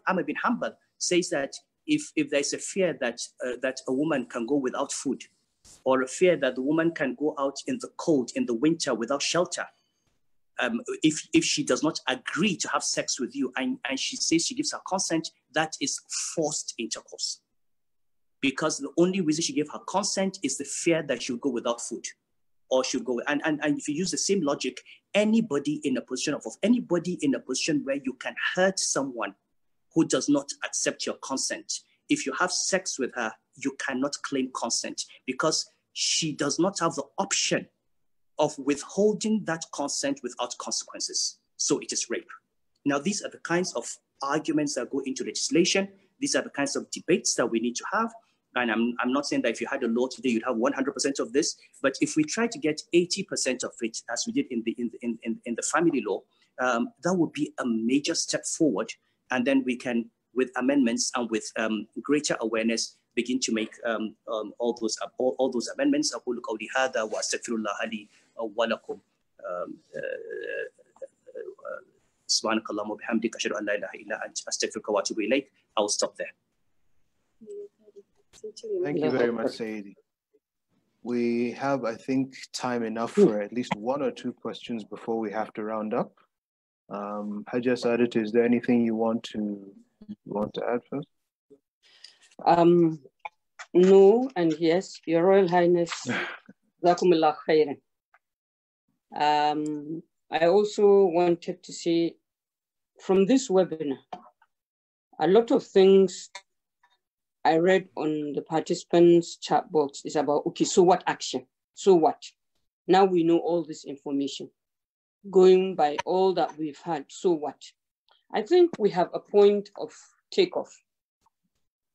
Imam bin Hanbal says that if, if there's a fear that, uh, that a woman can go without food, or a fear that the woman can go out in the cold in the winter without shelter, um, if, if she does not agree to have sex with you and, and she says she gives her consent, that is forced intercourse. Because the only reason she gave her consent is the fear that she'll go without food or she'll go. And, and, and if you use the same logic, anybody in a position of, of anybody in a position where you can hurt someone who does not accept your consent, if you have sex with her, you cannot claim consent because she does not have the option of withholding that consent without consequences. So it is rape. Now, these are the kinds of arguments that go into legislation. These are the kinds of debates that we need to have. And I'm, I'm not saying that if you had a law today, you'd have 100% of this. But if we try to get 80% of it, as we did in the, in the, in, in, the family law, um, that would be a major step forward. And then we can, with amendments and with um, greater awareness, begin to make um, um all, those, all, all, those amendments. I will stop there Thank you very much Sayyidi we have, I think, time enough for at least one or two questions before we have to round up. Um, Hajar Sadat, is there anything you want to you want to add first? Um, no, and yes, Your Royal Highness, Zakumullah khairan. Um, I also wanted to say from this webinar, a lot of things I read on the participants' chat box is about okay, so what action? So what? Now we know all this information. Going by all that we've had, so what? I think we have a point of takeoff.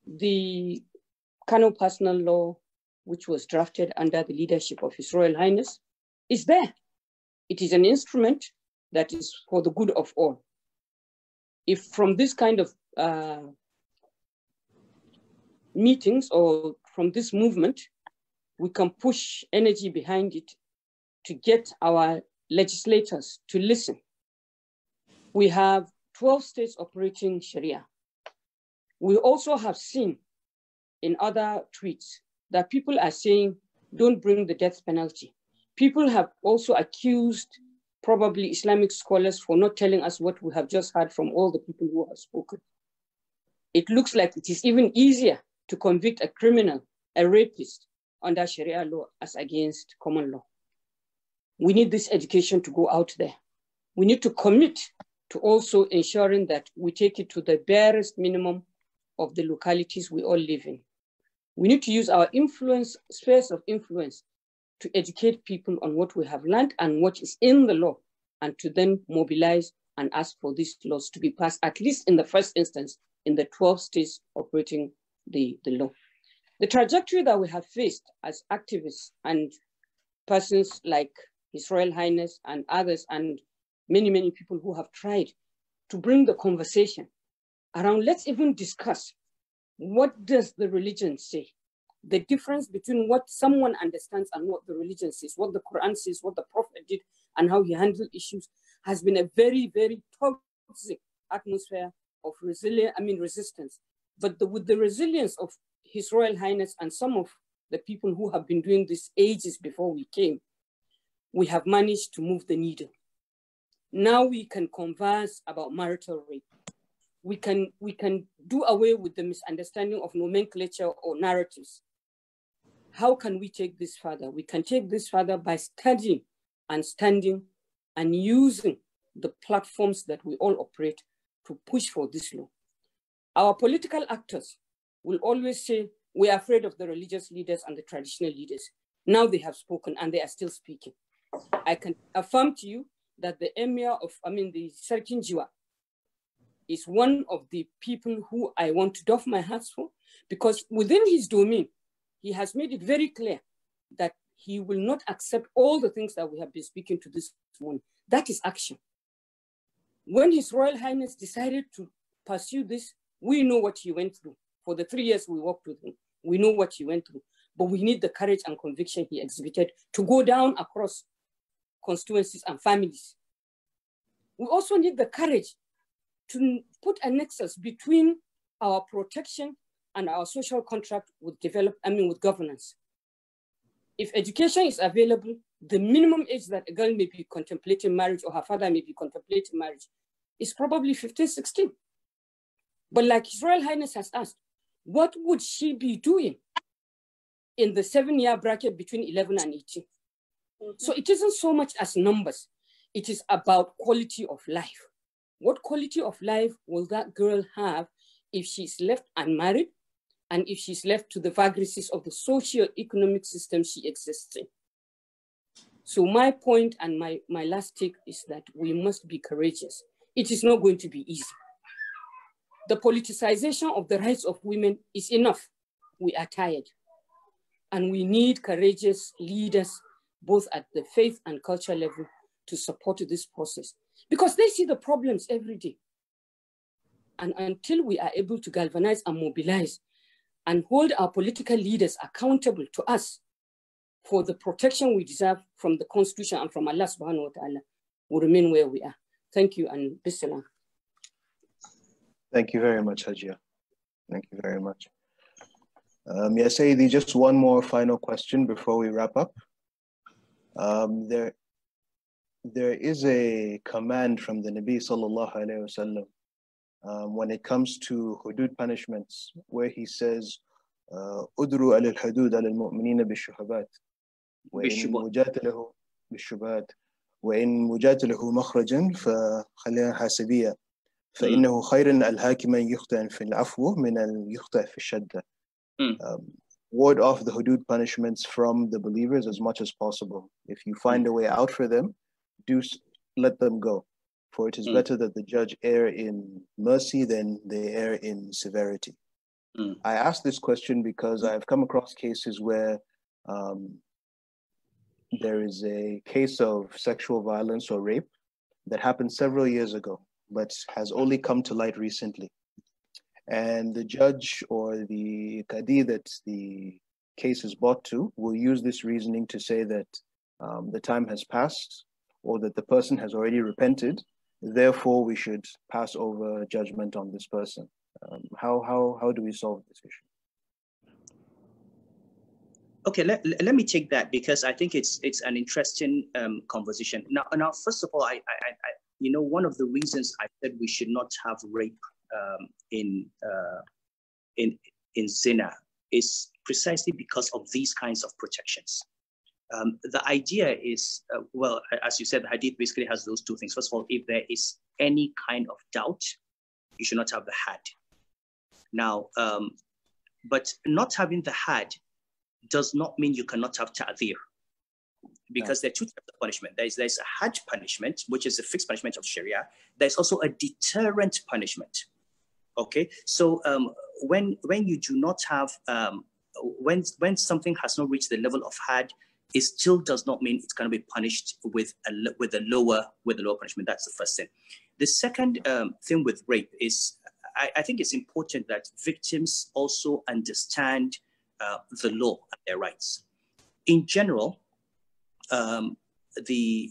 The Kano personal law, which was drafted under the leadership of His Royal Highness, is there. It is an instrument that is for the good of all. If from this kind of uh, meetings or from this movement, we can push energy behind it to get our legislators to listen. We have 12 states operating Sharia. We also have seen in other tweets that people are saying, don't bring the death penalty people have also accused probably Islamic scholars for not telling us what we have just heard from all the people who have spoken. It looks like it is even easier to convict a criminal, a rapist, under Sharia law as against common law. We need this education to go out there. We need to commit to also ensuring that we take it to the barest minimum of the localities we all live in. We need to use our influence, space of influence, to educate people on what we have learned and what is in the law, and to then mobilize and ask for these laws to be passed, at least in the first instance, in the 12 states operating the, the law. The trajectory that we have faced as activists and persons like His Royal Highness and others, and many, many people who have tried to bring the conversation around, let's even discuss what does the religion say? the difference between what someone understands and what the religion says, what the Quran says, what the Prophet did, and how he handled issues has been a very, very toxic atmosphere of resilience, I mean resistance. But the, with the resilience of His Royal Highness and some of the people who have been doing this ages before we came, we have managed to move the needle. Now we can converse about marital rape. We can, we can do away with the misunderstanding of nomenclature or narratives how can we take this further? We can take this further by studying and standing and using the platforms that we all operate to push for this law. Our political actors will always say, we are afraid of the religious leaders and the traditional leaders. Now they have spoken and they are still speaking. I can affirm to you that the emir of, I mean, the Serkin is one of the people who I want to doff my hats for because within his domain, he has made it very clear that he will not accept all the things that we have been speaking to this morning. That is action. When His Royal Highness decided to pursue this, we know what he went through. For the three years we worked with him, we know what he went through. But we need the courage and conviction he exhibited to go down across constituencies and families. We also need the courage to put a nexus between our protection and our social contract would develop, I mean, with governance. If education is available, the minimum age that a girl may be contemplating marriage or her father may be contemplating marriage is probably 15, 16. But like His Royal Highness has asked, what would she be doing in the seven year bracket between 11 and 18? Mm -hmm. So it isn't so much as numbers, it is about quality of life. What quality of life will that girl have if she's left unmarried and if she's left to the vagaries of the socio-economic system she exists in. So my point and my, my last take is that we must be courageous. It is not going to be easy. The politicization of the rights of women is enough. We are tired. And we need courageous leaders, both at the faith and culture level, to support this process because they see the problems every day. And until we are able to galvanize and mobilize and hold our political leaders accountable to us for the protection we deserve from the Constitution and from Allah subhanahu wa ta'ala, we remain where we are. Thank you and Bismillah. Thank you very much, Hajia. Thank you very much. Um, yes, Saidi, just one more final question before we wrap up. Um, there, there is a command from the Nabi sallallahu alayhi sallam um, when it comes to hudud punishments, where he says, uh, "Udru al hudud al mu'minina bishuhabat, وإن وجات له بالشبهات وإن وجات له مخرجا فخليها حاسبية فإنه خير الهاكم يخطئ afwu min al يخطئ fi-shadda." Hmm. Um, ward off the hudud punishments from the believers as much as possible. If you find hmm. a way out for them, do let them go. For it is mm. better that the judge err in mercy than they err in severity. Mm. I ask this question because I've come across cases where um, there is a case of sexual violence or rape that happened several years ago, but has only come to light recently. And the judge or the kadi that the case is brought to will use this reasoning to say that um, the time has passed or that the person has already repented Therefore, we should pass over judgment on this person. Um, how, how, how do we solve this issue? Okay, let, let me take that because I think it's it's an interesting um, conversation. Now, now, first of all, I, I, I, you know one of the reasons I said we should not have rape um, in uh, in in Zina is precisely because of these kinds of protections. Um, the idea is, uh, well, as you said, the hadith basically has those two things. First of all, if there is any kind of doubt, you should not have the had. Now, um, but not having the had does not mean you cannot have ta'zir. Because there are two types of punishment. There is, there is a had punishment, which is a fixed punishment of Sharia. There's also a deterrent punishment. Okay, so um, when when you do not have um, when when something has not reached the level of had, it still does not mean it's going to be punished with a with a lower with a lower punishment. That's the first thing. The second um, thing with rape is I, I, think it's important that victims also understand uh, the law and their rights. In general, um, the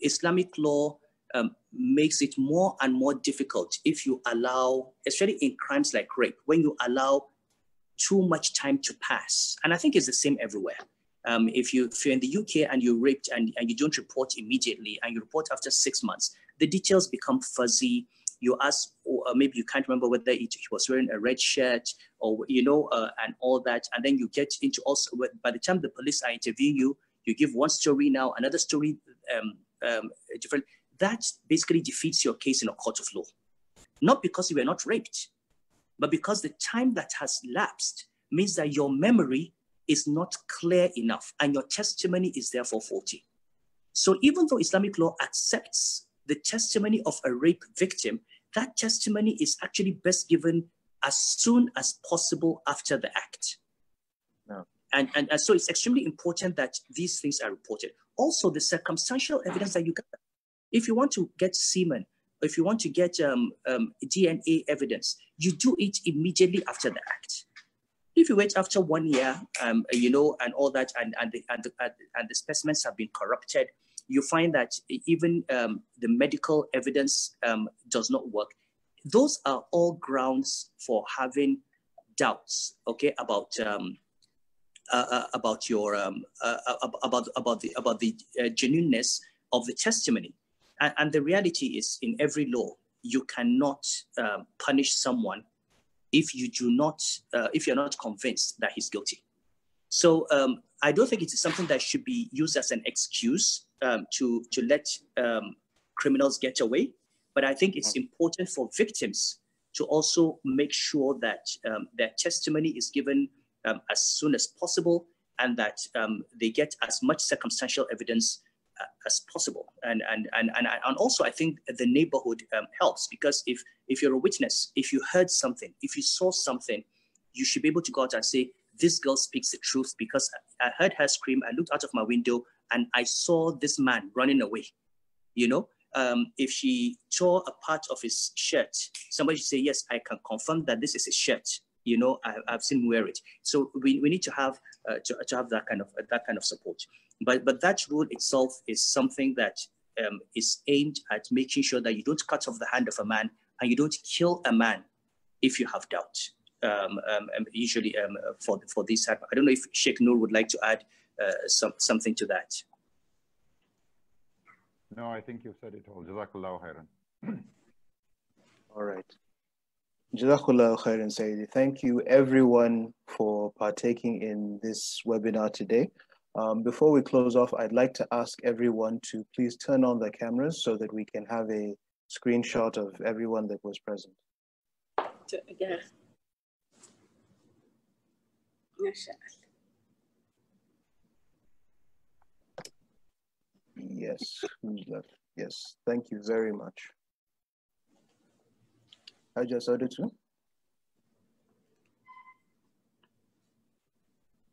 Islamic law um, makes it more and more difficult if you allow, especially in crimes like rape, when you allow too much time to pass. And I think it's the same everywhere um, if, you, if you're in the UK and you're raped and, and you don't report immediately and you report after six months, the details become fuzzy. You ask, or maybe you can't remember whether it, he was wearing a red shirt or, you know, uh, and all that. And then you get into also, by the time the police are interviewing you, you give one story now, another story um, um, different. That basically defeats your case in a court of law. Not because you were not raped, but because the time that has lapsed means that your memory is not clear enough, and your testimony is therefore faulty. So even though Islamic law accepts the testimony of a rape victim, that testimony is actually best given as soon as possible after the act. And, and, and, so it's extremely important that these things are reported. Also, the circumstantial evidence that you get, if you want to get semen, if you want to get um, um, DNA evidence, you do it immediately after the act. If you wait after one year, um, you know, and all that, and, and, the, and, the, and the specimens have been corrupted, you find that even um, the medical evidence um, does not work. Those are all grounds for having doubts, okay, about um, uh, uh about your um, uh, uh about about the about the uh, genuineness of the testimony. And, and, the reality is, in every law, you cannot um, punish someone if you do not, uh, if you're not convinced that he's guilty. So um, I don't think it is something that should be used as an excuse um, to, to let um, criminals get away. But I think it's mm. important for victims to also make sure that um, their testimony is given um, as soon as possible and that um, they get as much circumstantial evidence as possible. And, and, and, and, and also, I think the neighborhood um, helps because if, if you're a witness, if you heard something, if you saw something, you should be able to go out and say, This girl speaks the truth because I heard her scream. I looked out of my window and I saw this man running away. You know, um, if she tore a part of his shirt, somebody should say, Yes, I can confirm that this is a shirt you know I, have seen wear it so we, we need to have uh, to, to have that kind of uh, that kind of support but, but that rule itself is something that um, is aimed at making sure that you don't cut off the hand of a man and you don't kill a man if you have doubt. Um, um, um usually um, for for this type, I don't know if Sheikh Noor would like to add uh, some something to that. No, I think you said it all. Jazakallah khairan. all right. Jazakallah khairan, Sayyidi. Thank you everyone for partaking in this webinar today. Um, before we close off, I'd like to ask everyone to please turn on their cameras so that we can have a screenshot of everyone that was present. Yes, who's left? Yes, thank you very much. I just ordered two.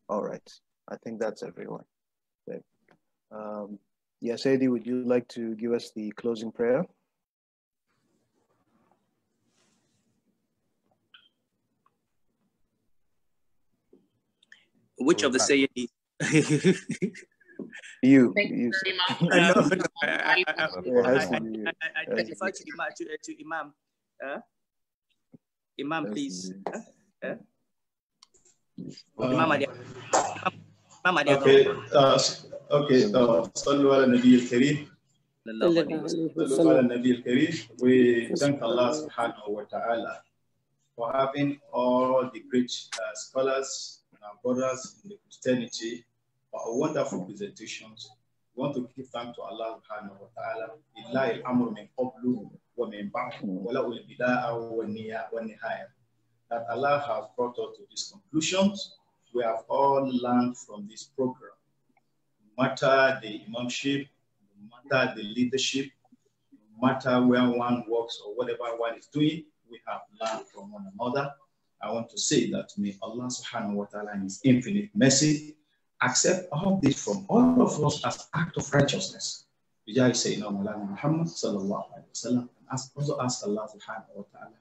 All right. I think that's everyone. Okay. Um, yes, Adi, would you like to give us the closing prayer? Which of the Sayyidi? you. Thank you very much. Um, I, I, I, I defer to, to, uh, to Imam. Uh, Imam, please. Uh, uh. Imam Ali. Okay, uh, okay. اوكي آه اوكي صلوا على النبي we thank Allah subhanahu wa ta'ala for having all the great uh, scholars and our brothers in the Christianity for wonderful presentations. We want to give thanks to Allah subhanahu wa ta'ala. Illahi al-amru min qablu wa min ba'du wa la ul-bida'a wa wa nihaya. That Allah has brought us to these conclusions we have all learned from this program. No matter the imamship, no matter the leadership, no matter where one works or whatever one is doing, we have learned from one another. I want to say that may Allah subhanahu wa ta'ala in his infinite mercy accept all this from all of us as act of righteousness. Bijay Sayyidina Muhammad sallallahu alayhi wa sallam also ask Allah subhanahu wa ta'ala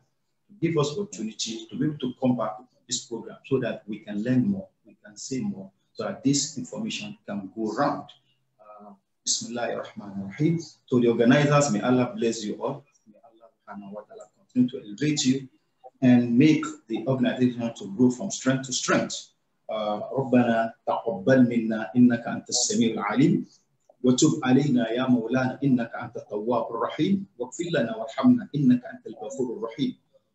to give us opportunity to be able to come back this program so that we can learn more, we can see more, so that this information can go around. Uh, Bismillah ar rahim To the organizers, may Allah bless you all. May Allah continue to elevate you and make the organization to grow from strength to strength. ربنا تقبل منا إنك أنت السميع العليم وتب علينا يا مولانا إنك أنت التواب الرحيم واغفر لنا وارحمنا إنك أنت الغفور الرحيم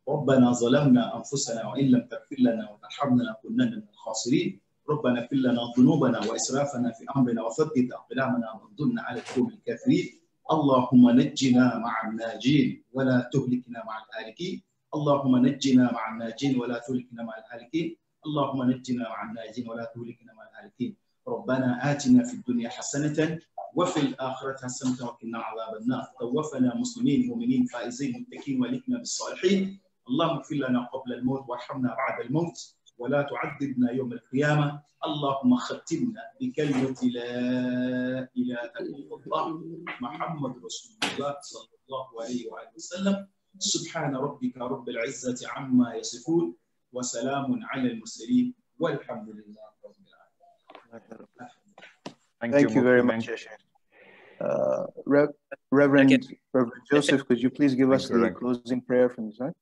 ربنا ظلمنا أنفسنا وإن لم تغفر لنا وترحمنا لنكونن من الخاسرين ربنا اغفر لنا ذنوبنا وإسرافنا في أمرنا وثبت أقدامنا وانظرنا على القوم الكافرين اللهم نجنا مع الناجين ولا تهلكنا مع الهالكين اللهم نجنا مع الناجين ولا تهلكنا مع الهالكين اللهم نجنا مع الناجين ولا تهلكنا مع الهالكين ربنا آتنا في الدنيا حسنة وفي الآخرة حسنة وقنا عذاب النار توفنا مسلمين مؤمنين فائزين متكين ولكنا بالصالحين اللهم اغفر لنا قبل الموت وارحمنا بعد الموت ولا تعذبنا يوم القيامة اللهم ختمنا بكلمة لا إله إلا الله محمد رسول الله صلى الله عليه وآله وسلم سبحان ربك رب العزة عما يصفون وسلام على المرسلين والحمد لله رب العالمين Thank, Thank you, very much, uh, Reverend, Reverend Joseph, could you please give us the closing prayer from the side?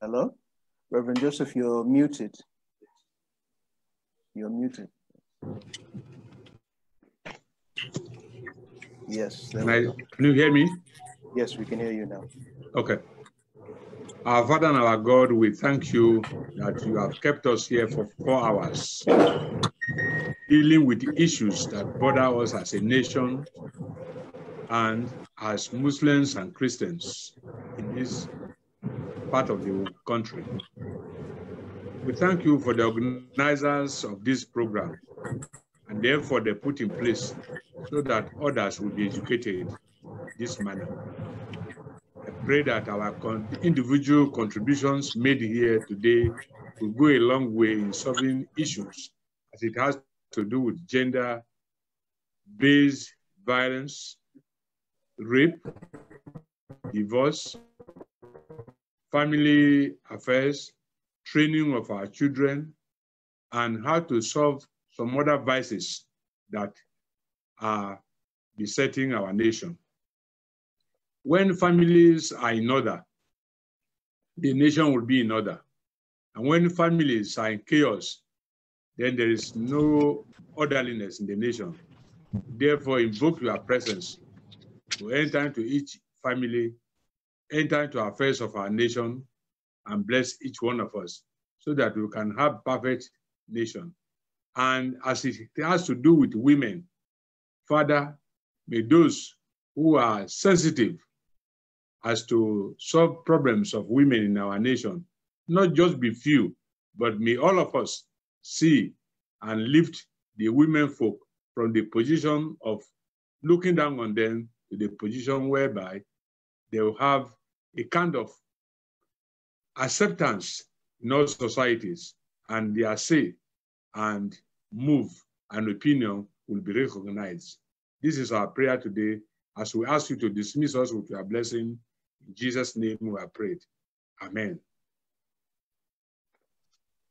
Hello? Reverend Joseph, you're muted. You're muted. Yes. Can, I, can you hear me? Yes, we can hear you now. Okay. Our Father and our God, we thank you that you have kept us here for four hours, dealing with the issues that bother us as a nation, and as Muslims and Christians in this part of the country. We thank you for the organizers of this program and therefore they put in place so that others will be educated this manner. I pray that our con individual contributions made here today will go a long way in solving issues as it has to do with gender-based violence, rape, divorce, family affairs, training of our children, and how to solve some other vices that are besetting our nation. When families are in order, the nation will be in order. And when families are in chaos, then there is no orderliness in the nation. Therefore, invoke your presence to enter into each family, enter into affairs of our nation, and bless each one of us so that we can have perfect nation. And as it has to do with women, Father, may those who are sensitive as to solve problems of women in our nation, not just be few, but may all of us see and lift the women folk from the position of looking down on them to the position whereby they will have a kind of acceptance in all societies and their say and move and opinion will be recognized. This is our prayer today as we ask you to dismiss us with your blessing. In Jesus' name we are prayed. Amen.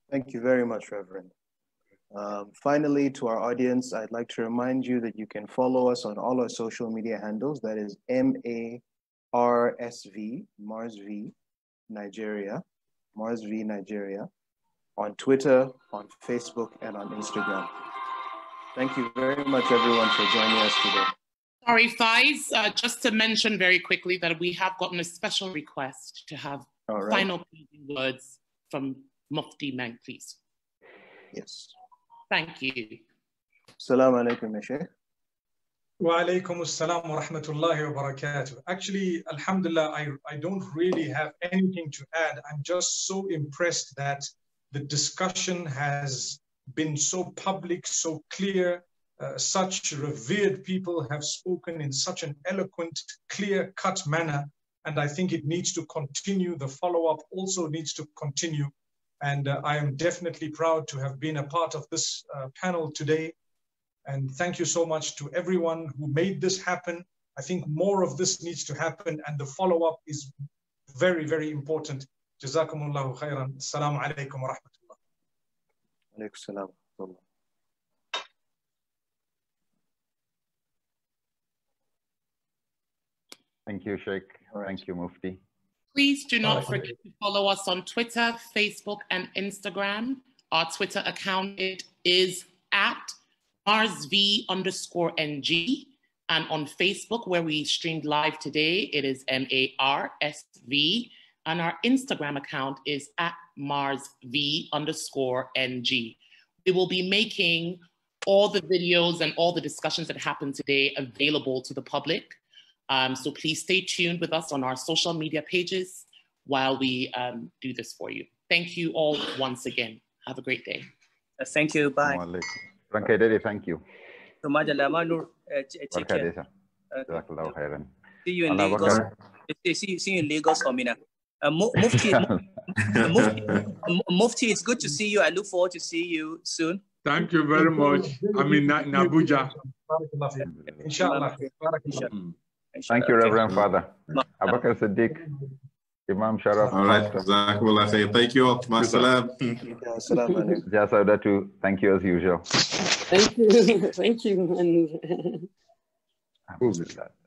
Thank you very much, Reverend. Um, finally, to our audience, I'd like to remind you that you can follow us on all our social media handles. That is M-A-R-S-V, MarsV, Nigeria, MarsV, Nigeria, on Twitter, on Facebook, and on Instagram. Thank you very much, everyone, for joining us today. Sorry, Thais. uh, just to mention very quickly that we have gotten a special request to have right. final words from Mufti Mang, please. Yes. Thank you. Assalamu alaikum, Sheikh. Wa alaikum assalam wa rahmatullahi wa barakatuh. Actually, alhamdulillah, I, I don't really have anything to add. I'm just so impressed that the discussion has been so public, so clear. Uh, such revered people have spoken in such an eloquent, clear cut manner. And I think it needs to continue. The follow up also needs to continue and uh, I am definitely proud to have been a part of this uh, panel today. And thank you so much to everyone who made this happen. I think more of this needs to happen and the follow-up is very, very important. Jazakumullahu khairan. Assalamu alaikum wa rahmatullah. Thank you, Sheikh. Right. Thank you, Mufti. Please do not oh, forget to follow us on Twitter, Facebook, and Instagram. Our Twitter account is at MarsV underscore NG. And on Facebook, where we streamed live today, it is M A R S V. And our Instagram account is at MarsV underscore NG. We will be making all the videos and all the discussions that happened today available to the public um, so please stay tuned with us on our social media pages while we um, do this for you. Thank you all once again. Have a great day. Uh, thank you. Bye. Thank you. Thank uh, you. See you in Lagos. See, see you in Lagos, Amina. Uh, Mufti, Mufti, Mufti, it's good to see you. I look forward to see you soon. Thank you very much. I mean, in Abuja. Inshallah. Inshallah. Thank you, Reverend Father. Abakar Siddiq, Imam Sharaf. All right. Thank you all. Masalam. Jasauda too. Thank you as usual. Thank you. Thank you. And... Who is that?